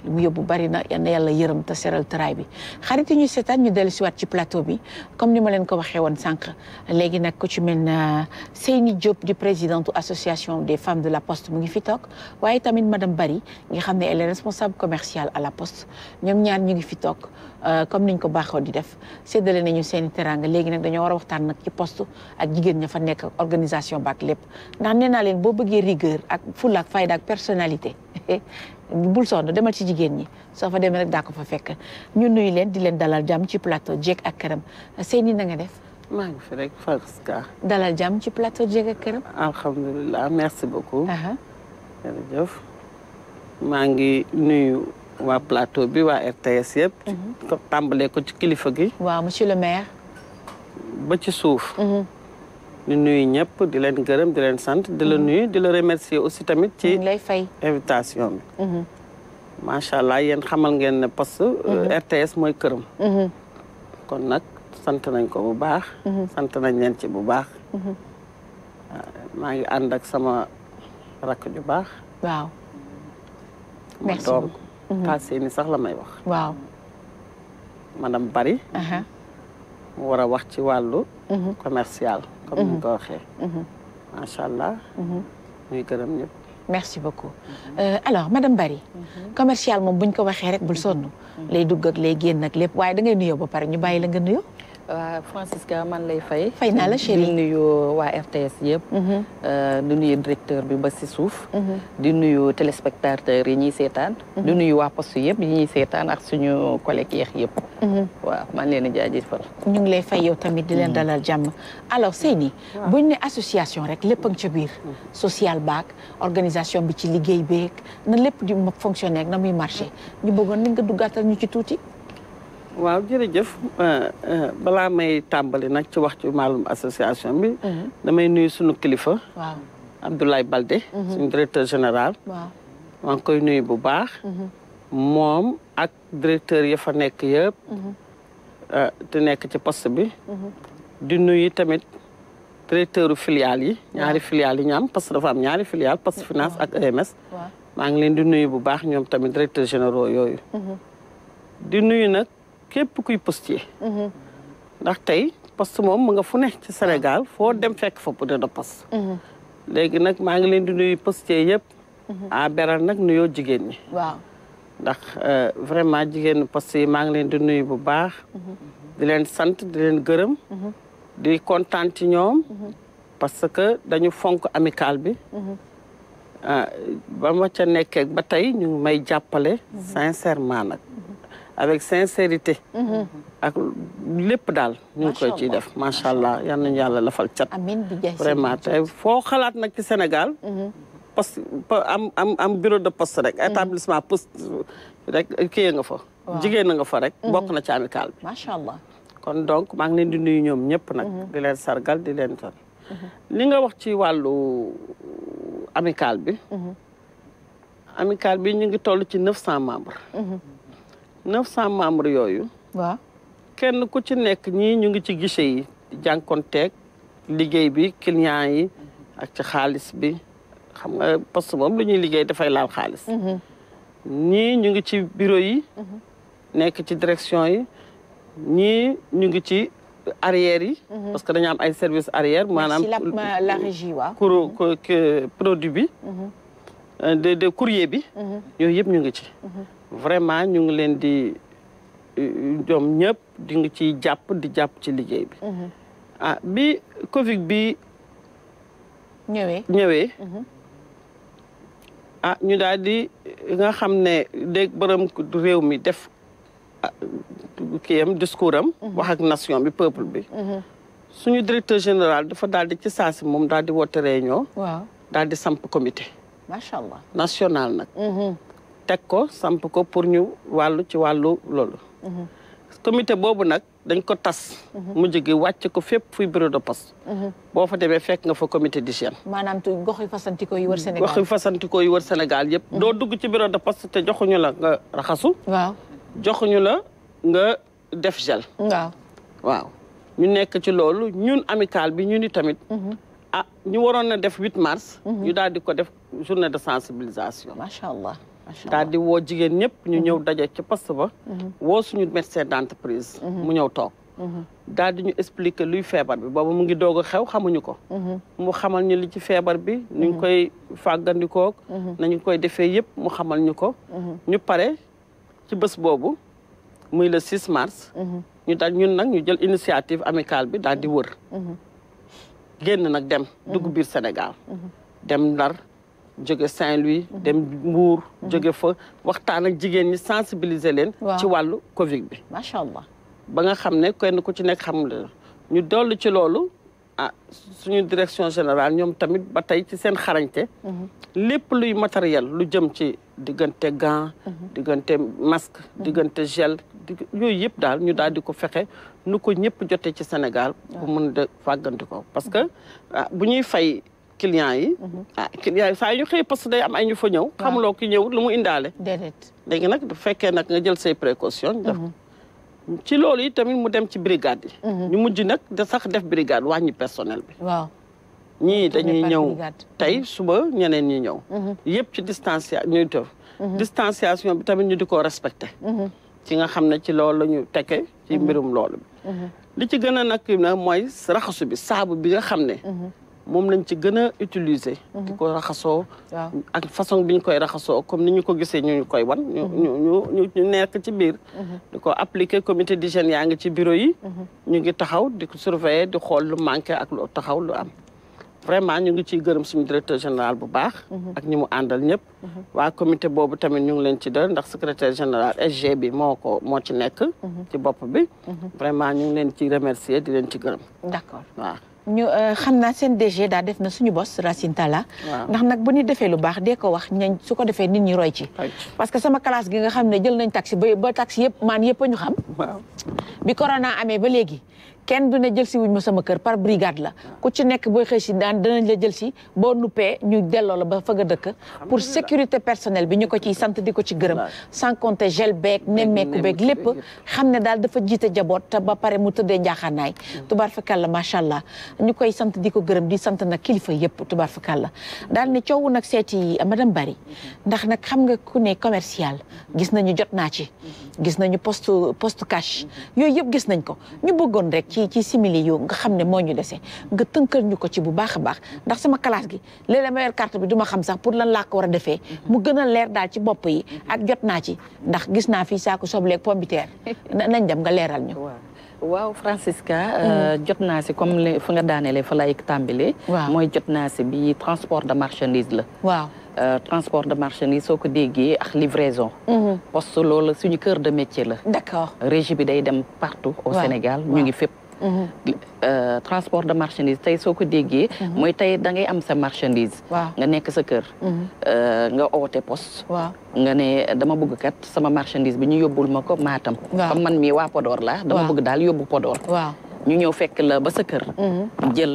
li mu yóbbu bari na yal na yàlla yërëm te seral taraay bi xarit yi ñu seetaan ñu dellu siwaat ci plateau bi comme ni ma leen ko waxee woon sànq léegi nag ku ci mel na Seyni Diop di présidente association des femmes de la poste mu ngi fi toog waaye tamit madame Bari nga xam ne elle est responsable commerciale à la poste ñoom ñaar ñu ngi fi toog Euh, comme ni niñ ko baaxoo di def séddale nañu seen teranga léegi nag dañoo war a waxtaan nag ci poste ak jigéen ña fa nekk organisation baak lépp ndax nee leen boo bëggee rigueur ak fulla ak fayda ak personnalité bul sonn demal ci jigéen ñi soo fa demee rek daa ko fa fekk ñu nuyu leen di leen dalal jàmm ci plateau Jeeg ak Këram Seyni na nga def. maa ngi fi rek Fatou dalal jàmm ci plateau Jeeg ak Këram. alhamdulilah merci beaucoup. jërëjëf maa ngi nuyu. waa plateau bi waa RTS yëpp. Mhm. tàmbalee ko ci kilifa gi. waaw monsieur le maire. ba ci suuf. nuy mhm. nuyu ñëpp di leen gërëm di leen sant di la mhm. nuy di la remercier aussi tamit ci. lay fay invitation bi. macha allah yéen xamal ngeen ne poste. Euh, RTS mooy këram. kon nag sant nañ ko bu baax. sant nañ leen ci bu baax. maa ngi ànd ak sama rakk ju baax. merci passé mm-hmm. ni sax la may wax waaw madame Bari uh-huh. mu war a wax ci wàllu mm-hmm. commercial comme ni ko mm-hmm. waxee macha allah muy gërëm ñëpp merci beaucoup euh, alors madame Bari commercial moom buñ ko waxee rek bul sonn lay dugg ak lay génn ak lépp waaye da ngay ba pare ñu bàyyi la nga nuyoo waaw Francisca man lay fay. fay naa la chérie di nuyu waa RTS yëpp. Mm-hmm. Euh, di nuyu directeur bi ba si suuf. Mm-hmm. di nuyu téléspectateur yi ñuy seetaan. Mm-hmm. di nuyu waa poste yëpp yi ñuy seetaan ak suñu collègue yeex yëpp. waaw man leen di jaajëfal. ñu ngi lay fay yow tamit di leen dalal jàmm alors Seyni. waaw buñ ne association rek lépp a ca biir. social baak organisation bi ci liggéey beeg na lépp di fonctionner ak na muy marché ñu bëggoon ni nga duggaatal ñu ci tuuti. waaw jërëjëf euh, euh, balaa may tàmbali nag ci wax ci association bi. Mhm. damay nuyu sunu kilifa. waaw Abdoulaye Balde. Mhm. suñu directeur général. waaw maa ngi koy nuyu bu baax. Mhm. moom ak directeur ya fa nekk yëpp. Euh, te nekk ci poste bi. di nuy tamit directeuru filiale yi. ñaari filial yi ñu am parce que dafa am ñaari filiale poste finance ak EMS. maa ngi leen di nuyu bu baax ñoom tamit directeur généraux yooyu. di nuyu nag. képp kuy postier mhm. ndax tey poste moom mu nga fu ne ci Sénégal ah. foo dem fekk fa bureau de poste mhm. léegi nag maa ngi leen di nuyu postier yëpp mhm. a ah, beral nag nuyoo jigéen ñi waaw ndax euh, vraiment jigéenu poste yi maa ngi leen di nuyu bu baax di leen sant di leen gërëm di kontaan ci ñoom parce que dañu fonk amical bi ah, ba ma ca nekkee ba tey ñu may jàppale sincèrement nag avec sincérité. Mhm. ak lépp daal. ñu koy ciy def macha allah yal nañu yàlla lafal cat. amiin bi foo xalaat nag ci Sénégal. Mhm. poste am am am bureau de poste rek. Mhm. établissement poste rek kii nga fa. jigéen na nga fa rek. bokk na ci amical bi. macha allah kon donc maa ngi leen di nuyu ñoom ñëpp nag. di leen sargal di leen tar. li nga wax ci wàllu amical bi. amical bi ñu ngi toll ci neuf cent membres. neuf cent membres yooyu. waaw kenn ku ci nekk ñii ñu ngi ci guichet yi jànkonteeg liggéey bi client yi ak ci xaalis bi xam nga poste moom lu ñuy liggéey dafay laal xaalis. Mhm. ñii ñu ngi ci bureau yi. Mhm. nekk ci direction yi ñi ñu ngi ci arrière yi. Mhm. parce que dañu am ay service arrière maanaam. la régie waaw. produit bi. Euh, de de courrier bi. yooyu yëpp ñu ngi ci. vraiment ñu ngi leen di euh, ñoom ñëpp di nga ciy jàpp di jàpp ci liggéey bi. Mhm. ah bi Covid bi. ñëwee ñëwee. Mhm. ah ñu daal di nga xam ne dégg borom réew mi def ah, kiyam discours am. Mhm. wax ak nation bi peuple bi. suñu directeur général dafa daal di ci saasi moom daal di woote réunion. samp comité. national nag. teg ko samp ko pour ñu wàllu ci wàllu loolu mhm. comité boobu nag dañ ko tas mhm. mujj gi wàcc ko fépp fuy bureau de poste mhm. boo fa fekk nga fa comité d'hygiène maanaam gox yu fasantikoo yu wër Sénégal gox yu fasantikoo yu wër Sénégal doo dugg ci bureau de poste te joxuñu la nga raxasu waaw joxuñu la nga def gel waaw ñu nekk ci loolu ñun amical bi ñu ni tamit ah ñu waroon a def 8 mars ñu daal di ko def journée de sensibilisation macha allah daal di woo jigéen ñëpp ñu mhm. ñëw daje ci poste ba mhm. woo suñu médecin d'entreprise mhm. mu ñëw toog daal di ñu expliquer luy feebar bi boobu mu ngi doog a xew xamuñu ko mu xamal ñu li ci feebar bi ñu ngi koy na nañu koy defee yëpp mu xamal ñu ko ñu pare ci bés boobu muy le 6 mars ñu dal ñu nag ñu jël initiative amicale bi daal di wër génn nag dem dugg biir Sénégal dem Ndar jóge Saint-Louis dem Mbour mhm. jóge fa waxtaan ak jigéen ñi sensibiliser leen ci wàllu Covid bi macha allah ba nga xam ne kenn ko ci nekk xam la ñu dollu ci loolu ah suñu direction générale ñoom tamit ba tey ci seen xarañte mhm. lépp luy matériel lu jëm ci diggante gant mhm. diggante masque diggante gel yooyu yëpp daal ñu daal di ko fexe nu ko ñëpp jote ci Sénégal bu mën de fàgganti ko parce que ah, bu ñuy fay clients yi. Mhm. ah clients yi saa yu xëy parce que day am ay ñu fa ñëw. xamuloo ki ñëwut lu mu indaale. déedéet léegi nag bu fekkee nag nga jël say précaution. def mhm. ci loolu yi tamit mu dem ci brigade yi. Mhm. ñu mujj nag da sax def brigade wàññi personnel bi. waaw ñii dañuy ñëw tey suba ñeneen ñi ñëw. yëpp ci distanciation bi tamit ñu di ko respecté. ci nga xam ne ci loolu la ñu tekkee ci mbirum loolu bi. li ci gën a nag mooy raxasu bi saabu bi nga xam ne. moom lañ ci gën a utiliser. Mhm. di ko raxasoo. ak façon bi koy raxasoo comme ni ñu ko gisee ñu koy wan. Mhm. ñu ñu ñu nekk ci biir. Mhm. di ko appliquer de d'hygiène yaa ngi ci bureau yi. ñu ngi taxaw di ko surveiller di xool lu manqué ak lu taxaw lu am. vraiment ñu ngi ciy gërëm suñu directeur général bu baax. ak ñi mu àndal ñëpp. waa comité boobu tamit ñu ngi leen ci dal ndax secrétaire général SG bi moo ko moo ci nekk. ci bopp bi. vraiment ñu ngi leen ciy remercier di leen ci gërëm. d'accord ñu euh, xam naa seen DG daa def na suñu bos Racine Talla ndax nag bu ñu defee lu baax dee ko wax ñañ su ko defee nit ñi roy ci parce que sama classe gi nga xam ne jël nañ taxi ba ba taxi yëpp maan yëpp a ñu xam bi corona amee ba léegi kenn du ne jël si wuñ ma sama kër par brigade la ku ci nekk booy xëy si daan danañ la jël si boo nuppee ñu delloo la ba fa dëkk pour sécurité personnel bi ñu ko ciy sant di ko ci gërëm sans compter gel beeg nemmeeku beeg lépp xam ne daal dafa jiite jaboot te ba pare mu tëddee njaaxaanaay mm. tubaar fakàlla macha allah ñu koy sant di ko gërëm di sant nag kilifa yëpp tubaar la daal ne coowu nag seeti eh, madame Bari mm-hmm. ndax nag xam nga ku ne commercial mm-hmm. gis nañu jot naa ci mm-hmm. gis nañu poste poste cash yooyu yëpp gis nañ ko ñu bëggoon rek ci ci simili yow nga xam ne moo ñu dese nga tënkal ñu ko ci bu baax a baax ndax sama classe gi léeg-léeg ma yor carte bi duma xam sax pour lan laa ko war a defee mhm. mu gën a leer daal ci bopp yi ak jot naa ci ndax gis naa fii saako sobleeg pombiteer nañ dem nga leeral ñu waaw Francisca mhm. euh, jot naa si comme li fa nga daanelee fa lay tàmbalee mooy jot naa si bi transport de marchandise la waaw euh, transport de marchandise soo ko déggee ak livraison mhm. poste loolu suñu kër de métier la d'accord régie bi day dem partout au Sénégal ñu ngi fépp Euh, transport de marchandise tey soo ko déggee. Mhm. mooy tey da ngay am sa marchandise. nga nekk sa kër. Mhm. Euh, nga oote poste. nga ne dama bëgg kat sama marchandise bi ñu yóbbul ma ko Matam. comme man mii waa Podor la dama bëgg daal yóbbu Podor. ñu ñëw fekk la ba sa kër. Mhm. jël.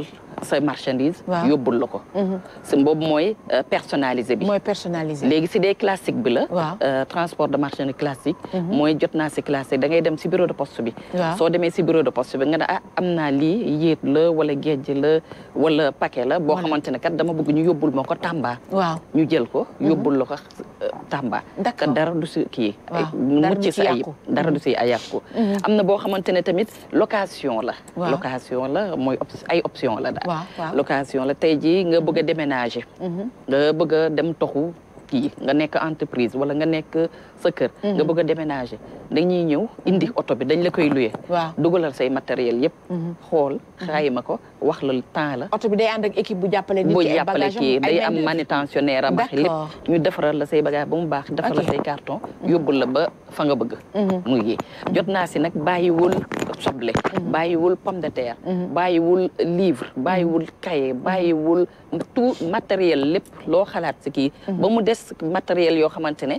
sa marchandise. yóbbul la ko. Mhm. si boobu mooy euh, personnalisé bi. mooy personnalisé léegi si dee classique bi la. Euh, transport de marchandise classique. Mhm. mooy jot naa si classique da ngay dem si bureau de poste bi. soo demee si bureau de poste bi nga ne ah am naa lii yéet la wala géej la wala paquet la boo xamante ne kat dama bëgg ñu yóbbul ma ko Tamba. waaw ñu jël ko mhm. yóbbul la ko euh, Tamba. d'accord dara du si kii. waaw eh, mucc si ay dara du si ay yàqu. am na la. ay option la daal. waaw waaw location la tey jii nga bëgg a mm-hmm. nga bëgg a dem toxu kii nga nekk entreprise wala nga nekk sa kër. Mm-hmm. nga bëgg a déménager dañuy ñëw indi mm-hmm. oto bi dañ la koy luye. waaw dugalal say matériel yëpp. Mm-hmm. xool xayma ko wax la temps la. oto bi day ànd ak équipe bu jàppale nit ci ay bagages kii day am manutentionnaire am ak lépp. ñu defaral la say bagage ba mu baax. defaral la say carton yóbbul la ba fa nga bëgg. muy yi jot naa si nag bàyyiwul soble. bàyyiwul pomme de terre. bàyyiwul livre bàyyiwul cahier bàyyiwul. tout matériel lépp loo xalaat si kii. Mhm. ba mu des matériel yoo xamante ne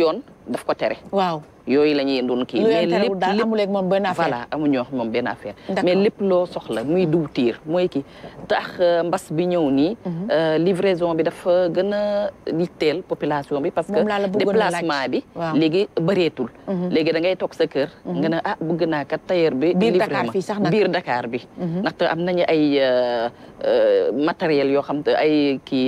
yoon daf ko tere. waaw yooyu lañuy ñuy kii mais lépp daal amul moom benn affaire voilà amuñu wax moom benn affaire mais lépp loo soxla muy diw tiir mooy ki tax euh, mbas bi ñëw nii mhm. euh, livraison bi dafa gën a yitteel population bi parce que déplacement bi léegi bëreetul mhm. léegi da ngay toog sa kër mhm. nga ne ah bëgg naa kat tailleur bi biir Dakar bi ndaxte am nañu ay euh, matériel yoo xam ay kii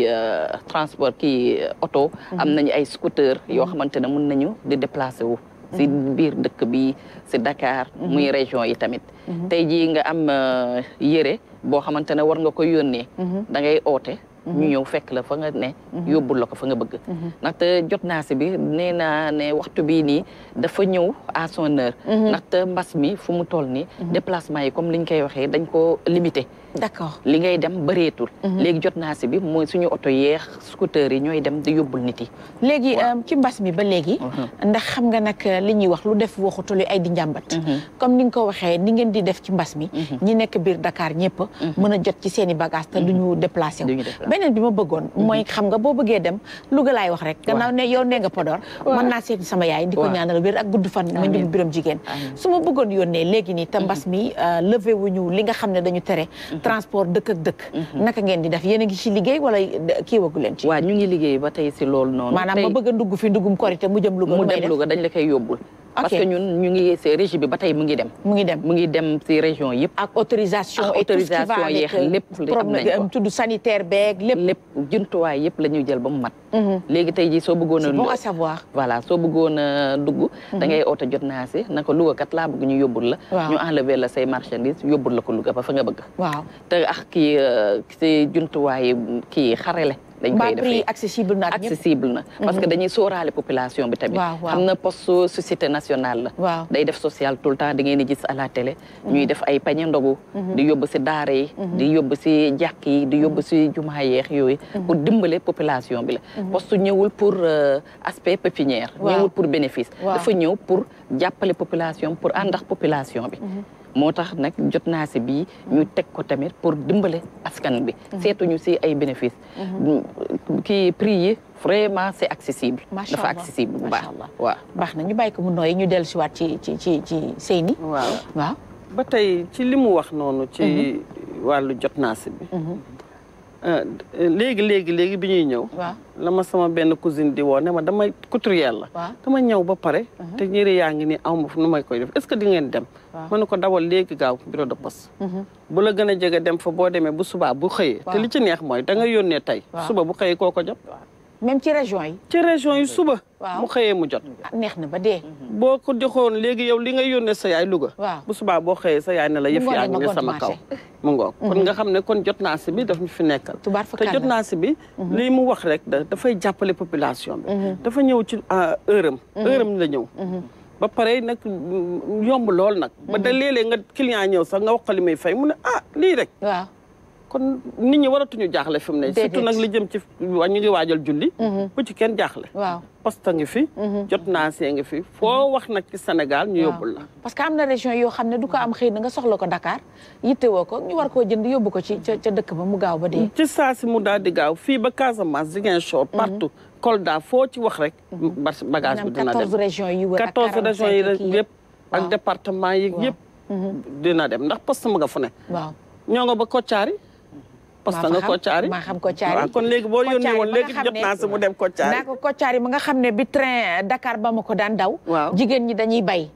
transport kii oto am nañu ay scooter yoo xamante ne mun nañu di déplacé wu si biir dëkk bi si Dakar. Mhm. muy région yi tamit. Mhm. tey ji nga am euh, yére boo xamante ne war nga ko yónnee. Mhm. da oote. ñu ñëw fekk la fa nga ne. yóbbul la ko fa nga bëgg. ndaxte jot naa si bi nee ne waxtu bii nii dafa ñëw à son heure. ndaxte mbas mi fu mu toll nii. déplacement yi comme liñ koy waxee dañ ko limité. d'accord li ngay dem bareetul mhm. léegi jot naa si bi mooy suñu oto yeex scooter yi ñooy dem di yóbbul nit yi. léegi euh, ci mbas mi ba léegi. Mhm. ndax xam nga nag euh, li ñuy wax lu def waxutul waxutali ay di njàmbat. Mhm. comme ni nga ko waxee ni ngeen di def ci mbas mi. ñu nekk biir dakaar ñëpp. mën a jot ci seen i bagages du ñu déplacé wu. beneen bi ma bëggoon mooy xam nga boo bëggee dem Louga laay wax rek. gannaaw ne yow nee nga Podor. mën naa seeti sama yaay di ko ñaanal wér ak gudd fan. ma njub biram jigéen su ma bëggoon yónnee léegi nii te mbas mi euh, levé ñu li nga xam ne dañu tere Mmh. transport dëkk ak dëkk mmh. naka ngeen di def yéen a ngi ci liggéey wala kii wagu leen ci waaw ñu ngi liggéey ba tey si loolu noonu maanaam ba bëgg a ndugg fi nduggum korité mu jëm Louga mu dem Louga dañ la koy yóbbul parce que ñun ñu ngi see régie bi ba tey mu ngi dem. mu ngi dem mu ngi dem si région yëpp. ak autorisation et tout ce qui va avec euh, lépp problème euh, tudd sanitaire beeg lépp. lépp jumtuwaay yëpp la ñuy jël ba mu mat. Mm-hmm. léegi tey jii soo bëggoon a. c'est bon à savoir. soo bëggoon a dugg. Mm-hmm. da ngay oto jot naa si naka Louga kat laa bëgg ñu yóbbul la. ñu enlever la say marchandise yóbbul la ko Louga ba fa nga bëgg. waaw te ak kii euh, si jumtuwaay kii xarale. dañ koy defee accessible na accessible na parce que mm-hmm. dañuy sóoraale population bi tamit xam na poste société nationale la waaw day def social tout le temps da ngeen di gis à la télé ñuy mm-hmm. def ay pañe ndogu mm-hmm. di yóbbu si daara yi di yóbbu si jàkk yi di yóbbu si jumaa yeex yooyu pour dimbale population bi la poste ñëwul pour euh, aspect pépinière ñëwul pour bénéfice dafa ñëw pour jàppale population pour àndax population bi moo tax nag jot naa si bii mm-hmm. ñu teg ko tamit pour dimbale askan bi mm-hmm. seetuñu si ay bénéfice mm-hmm. ki prix yi vraiment c'est accessible dafa accessible bu baax waaw baax na ñu bàyyi ko mu nooyi ñu dellu siwaat ci ci ci ci Seyni waaw waaw ba tey ci li mu wax noonu ci wàllu jot naa bi Euh, léegi léegi léegi bi ñuy ñëw. la ma sama benn cousine di woon ne ma damay couturière la. dama ñëw ba pare. Uh-huh. te ñëri yaa ngi nii aw ma nu may koy def est ce que di ngeen dem. ma na ko dawal léegi gaaw bureau de poste. Uh-huh. bu la gën a jege dem fa boo demee bu subaa bu xëyee. te li ci neex mooy dangay yónnee tey. suba bu xëyee koo ko jot. même ci région yi. ci région yi suba. waaw mu xëyee mu jot. Ah, neex na ba dee. Mm-hmm. boo ko joxoon léegi yow li nga yónnee sa yaay Louga. waaw bu subaa boo xëyee sa yaay na la yëf yaa ngi sama kaw. mu ngoog kon mm-hmm. nga xam ne kon jot naa si bi daf ñu fi nekkal. te jot naa si bi. Mm-hmm. lii mu wax rek da dafay jàppale population bi. dafa ñëw ci ah, heure am. heure la ñëw. ba pare nag yomb lool nag. ba da léeg nga client ñëw sax nga wax ko li may fay mu ne ah lii rek. waaw. kon nit ñi waratuñu jaaxle fi mu ne. surtout nag li jëm ci waa ñu ngi waajal julli. bu mhm. ci kenn jaaxle. waaw poste ngi fi. Mhm. jot naa see ngi fi foo mhm. wax nag ci Sénégal ñu yóbbul parce que am na région yoo xam ne du ko am xëy na nga soxla ko Dakar woo ko ñu war koo jënd yóbbu ko ci ca ca dëkk ba mu gaaw ba dee. ci saa si mu daal di gaaw fii ba Casamance Ziguinchor partout. Kolda foo ci wax rek. bagage bi dina dem 14 régions yi wër ak 14 régions yi yëpp. ak département yëpp. dina dem ndax poste mu fu ne. waaw ba Kotiari. parce que nga Kotiari maa xam Kotiari ah, kon léegi boo yónnee woon léegi jot naa su mu dem Kotiari naa ko ma nga xam bi train Dakar ba ma ko daan daw jigéen ñi dañuy bay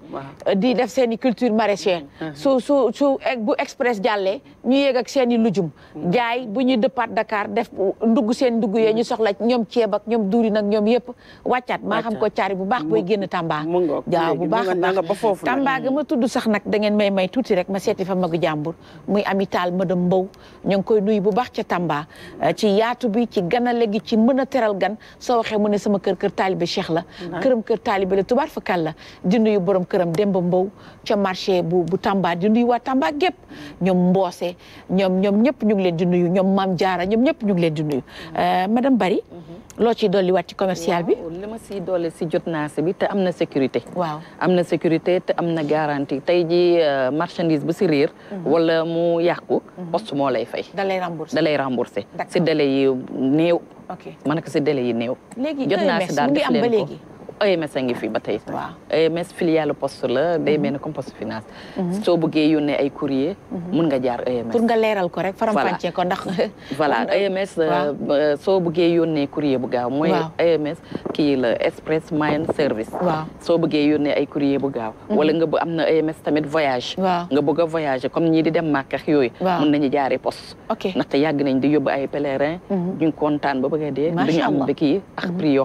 euh, di def seen i culture maraîchère so su su bu express jàllee ñu yéeg ak seen lujum jaay bu ñuy dëppaat Dakar def ndugg seen ndugg yee ya ñu soxla ñoom ceeb ak ñoom duri nag ñoom yëpp wàccaat maa xam Kotiari bu baax booy génn Tamba waaw bu baax a baax Tamba ga ma tudd sax nag da ngeen may may tuuti rek ma seeti fa magu jàmbur muy amital madame Mbow ñu ngi koy nuyu bu baax ca Tamba eh, ci yaatu bi ci ganale gi ci mën a teral gan soo waxee mu ne sama kër kër taalibe Cheikh la këram kër taalibe la tubaar fakal la di nuyu borom këram Demba Mbow ca marché bu bu Tamba di waa Tamba gépp ñoom Mboose ñoom ñoom ñëpp ñu ngi leen di nuyu ñoom mam Jaara ñoom ñëpp ñu ngi leen di nuyu eh, madame Bari mhm. loo ciy dolliwaat ci commercial bi. li ma doole si jot naa si bi te am na sécurité. waaw am na sécurité te am na garantie tey jii euh, marchandise bu si riir mhm. wala mu yàqu. Mhm. poste moo lay fay. da lay remboursé da lay remboursé. si délai yi néew. ok ma ne ko si délai yi néew. léegi jot naa si e daal def leen ko EMS a ngi fi ba tey waaw EMS filiale la day mel comme poste finance mhm. Mhm. soo bëggee yónnee ay courrier mhm. mun nga jaar EMS pour nga leeral ko rek faram-fàccee ko ndax voilà EMS euh, soo bëggee yónnee courrier bu gaaw mooy EMS kii la express mail service waaw soo bëggee yónnee ay courrier bu gaaw wala nga am na EMS tamit voyage nga bëgg a voyager comme ñii di dem Màkka ak yooyu mun nañu jaaree poste ndaxte yàgg nañ di yóbbu ay pèlerin ñu kontaan ba bëgg a dee duñu am bi kii ak prix yoo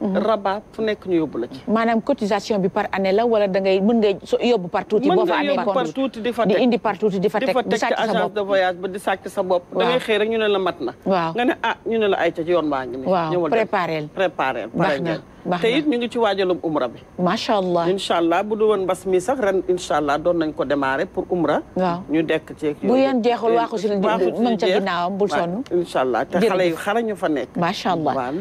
Mm-hmm. rabat fu nekk ñu yóbbu la ci. maanaam cotisation bi par année la wala da ngay mën nga yóbbu par tuuti. boo fa amee compte di indi par tuuti di fa teg di sàcc sa di sàcc sa bopp. da ñu ne la mat na. waaw nga ne ah ñu ne la ay ca ci yoon baa ngi nii. waaw préparel bi. macha allah incha allah bu du woon mbas mi sax ren incha allah doon nañ ko démarrer pour umra. waaw ñu dekk ci. bu yéen jeexul waaxu si mën ca ginnaawam bul sonn. incha allah te fa nekk. macha allah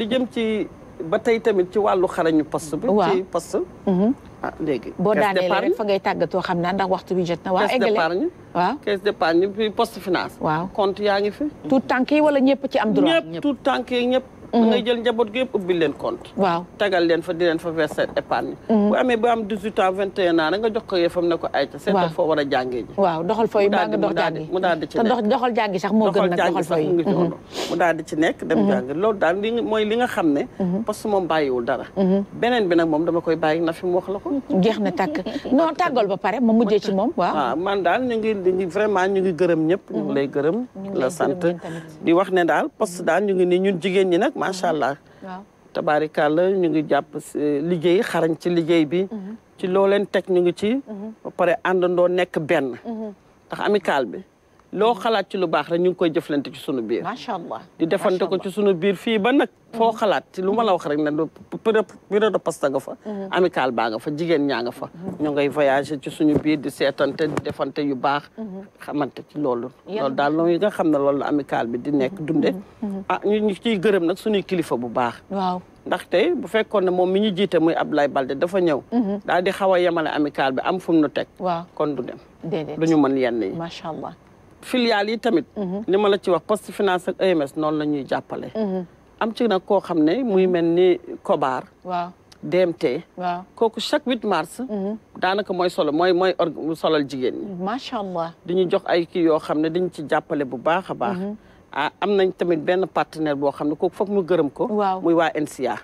ba tey tamit ci wàllu xarañu poste bi ci poste mhm. ah léegi boo daanelee rek fa ngay tàggatoo xam naa ndax waxtu bi jot na waaw caisse d'épargne waaw caisse d'épargne bi finance waaw compte yaa ngi fi tout tànk yi wala ñëpp ci am droit ñëpp tout ñëpp mën mm-hmm. ngay jël njaboot gi yëpp ubbil leen compte waaw tagal leen fa di leen fa verser épargne bu mm-hmm. amee ba am 18 ans 21 ans da nga jox ko yëfam ne ko ayca seetal foo war a jàngee ji waaw doxal fooy maa nga dox jàngi mu daal di ci nekk doxal jàngi sax moo gën nag doxal fooy mu daal di ci nekk dem mm-hmm. jàngi loolu daal li mooy li nga xam ne parce que moom bàyyiwul dara beneen bi nag moom dama koy bàyyi na fi mu wax la ko jeex na tàkk non tàggal ba pare ma mujjee ci moom waaw waaw ah, man daal ñu ngi ñu ngi vraiment ñu ngi gërëm ñëpp ñu lay gërëm la sant di wax ne daal parce que daal ñu ngi ni ñun jigéen ñi nag macha mhm. allah. waaw ñu ngi jàpp liggéey xarañ ci liggéey bi. Mhm. ci loo leen teg ñu ngi ci. Mhm. pare àndandoo nekk benn. ndax amical bi. loo xalaat ci lu baax rek ñu ngi koy jëflante ci suñu biir. macha allah di defante ko ci sunu biir fii ba nag. foo xalaat ci lu ma la wax rek ne bureau de poste nga fa. Mhm. amical baa nga fa jigéen ñaa nga fa. Mhm. ñoo ngay voyager ci suñu biir di seetante di defante yu baax. Mhm. xamante ci loolu. loolu daal loolu nga xam ne loolu amical bi di nekk dunde ah ñu ciy gërëm nag suñu kilifa bu baax. waaw. ndaxte bu fekkoon ne moom mi ñu jiite muy Abdoulaye Balde dafa ñëw. daal di xaw a yemale amical bi am fu nu teg. waaw kon du dem. déedéet du mën yenn macha allah. filiale yi tamit. Mhm. li ma la ci wax poste finance ak EMS noonu la ñuy jàppale. Mhm. am ci nag koo xam ne muy mhm. mel ni kobaar waaw DMT. waaw kooku chaque huit mars. daanaka mooy solo mooy mooy solal jigéen ñi. macha allah dañuy jox ay kii yoo xam ne dañu ci jàppale bu baax a baax. a ah, am nañ tamit benn partenaire boo xam ne kooku foog mu gërëm ko. waaw muy waa NCA.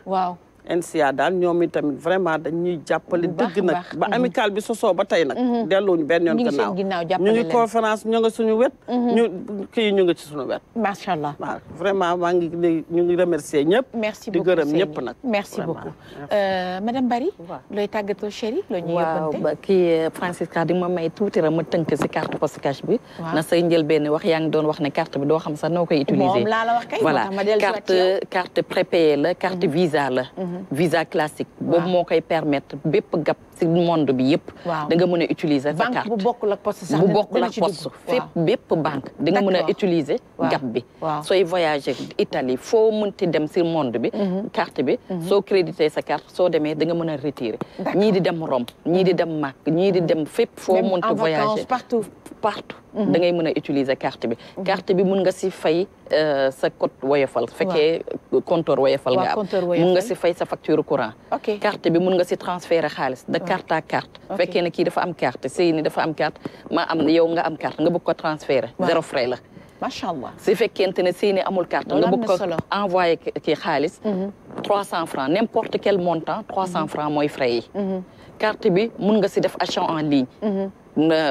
NCA daal ñoom itamit vraiment dañuy jàppale dëgg nag ba mhm. amical bi sosoo ba tey nag mhm. delluñu benn yoon gannaaw ñu ngi conférence ñu nga suñu wet mhm. ñu kii ñu nga ci suñu wet macha allah waaw vraiment maa ngi ñu ngi remercier ñëpp merci di gërëm ñëpp nag merci beaucoup euh, madame Barry looy tàggatoo chéri loo ñu yóbbante waaw kii euh, Francisca di ma may tuuti rek ma tënk si carte post cash bi na say njëlbeen wax yaa ngi doon wax ne carte bi doo xam sax noo koy utiliser moom laa la wax kay voilà carte carte la carte la visa classique boobu moo koy permettre bépp gap si monde bi yëpp. da nga mën a utiliser sa carte banque bu bokkul ak poste sax bu bokkul ak a utiliser. gap bi sooy voyager Italie foo mënti dem monde bi. Mhm. carte bi mhm. soo crédité sa carte soo demee danga nga mën a retirer. ñii di dem Rome ñii di dem Mac ñii di dem fépp foo mënti voyager partout partout. Mhm. da ngay mën a utiliser carte bi. carte bi mun nga si fay euh, sa code woyofal. waaw fekkee compteur woyofal nga am. mun nga si fay sa facture courant. carte bi mun nga si transférer xaalis. carte à carte fekkee ne kii dafa am carte sëy ni am carte ma am yow nga am carte nga bëgg ko transférer zéro si fekkente ne sii amul carte nga bëgg ko envoyé ci xaalis mhm. trois cent francs n'importe quel montant trois cent mhm. francs mooy frais mhm. carte bi mun nga si def action en ligne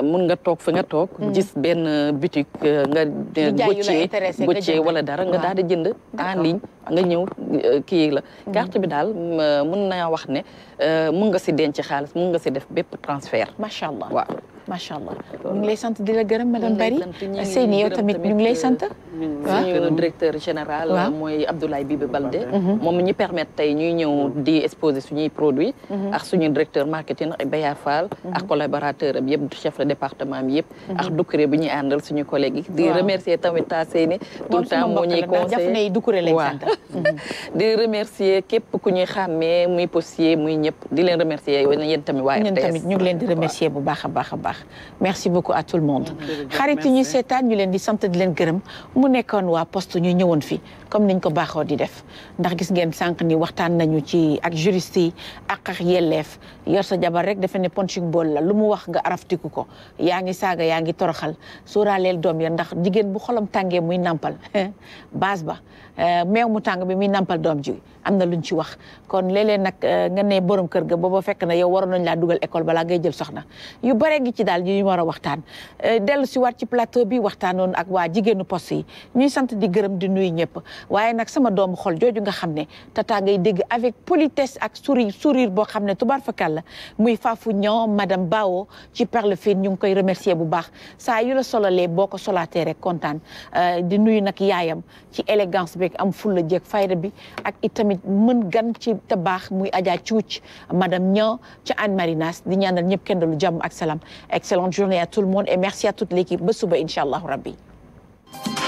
mun nga toog fa nga mm. toog. Mm. gis benn uh, boutique uh, nga. buccee buccee wala dara nga daal di jënd. en ligne nga ñëw uh, kii la. Mm. carte bi daal mun naa wax ne mun nga si denc xaalis mun nga si def bépp transfert. macha allah macha allah ñu ngi lay sant di la gërëm madame Barry Seyni yow tamit euh, ñu ngi lay sant suñu directeur général mooy Abdoulaye Bibi Baldé moom ñu permettre tey ñuy ñëw di exposer suñuy produits mhm. ak suñu directeur marketing ak Bayar Fall mhm. ak collaborateur am yëpp chef de département am yëpp mhm. ak dukkure bi ñuy àndal suñu collègue di remercier tamit ta Seyni tout le moo ñuy conseillé di remercier képp ku ñuy xàmmee muy postier muy ñëpp di leen remercier yéen tamit waa a a merci beaucoup à tout le monde xarit yi ñu seetaan ñu leen di sant di leen gërëm mu nekkoon waa poste ñu ñëwoon fii comme niñ ko baaxoo di def ndax gis ngeen sànq ni waxtaan nañu ci ak juriste ak ak yelleef yor sa jabar rek defe ne punching ball la lu mu wax nga araftiku ko yaa ngi saaga yaa ngi toroxal suuraaleel doom ya ndax jigéen bu xolam tàngee muy nàmpal baas ba Euh, meew mu tàng bi muy nampal doom ji am na luñ ci wax kon léeg-léeg nag euh, nga ne borom kër ga booba fekk na yow waroon nañ laa dugal école balaa ngay jël soxna yu baree gi ci daal yu ñu war a waxtaan euh, dellu si waat ci plateau bi waxtaanoon ak waa jigéenu post yi ñuy sant di gërëm di nuyu ñëpp waaye nag sama doomu xol jooju nga xam ne te tata yi dégg avec politesse ak sourire sourire boo xam ne tubaar fakal la muy faafu ñoo madame Bao ci Parlophine ñu ngi koy remercier bu baax saa yu la solalee boo ko solaatee rek kontaan di nuyu nag yaayam ci élégance bi beeg am fulla jeeg fayda bi ak itamit mën gan ci te baax muy Adja Cuuc madame Niang ca Anne Marinas di ñaanal ñëpp kenn dalu jàmm ak salaam excellente journée à tout le monde et merci à toute l'équipe ba suba incha allahu rabbi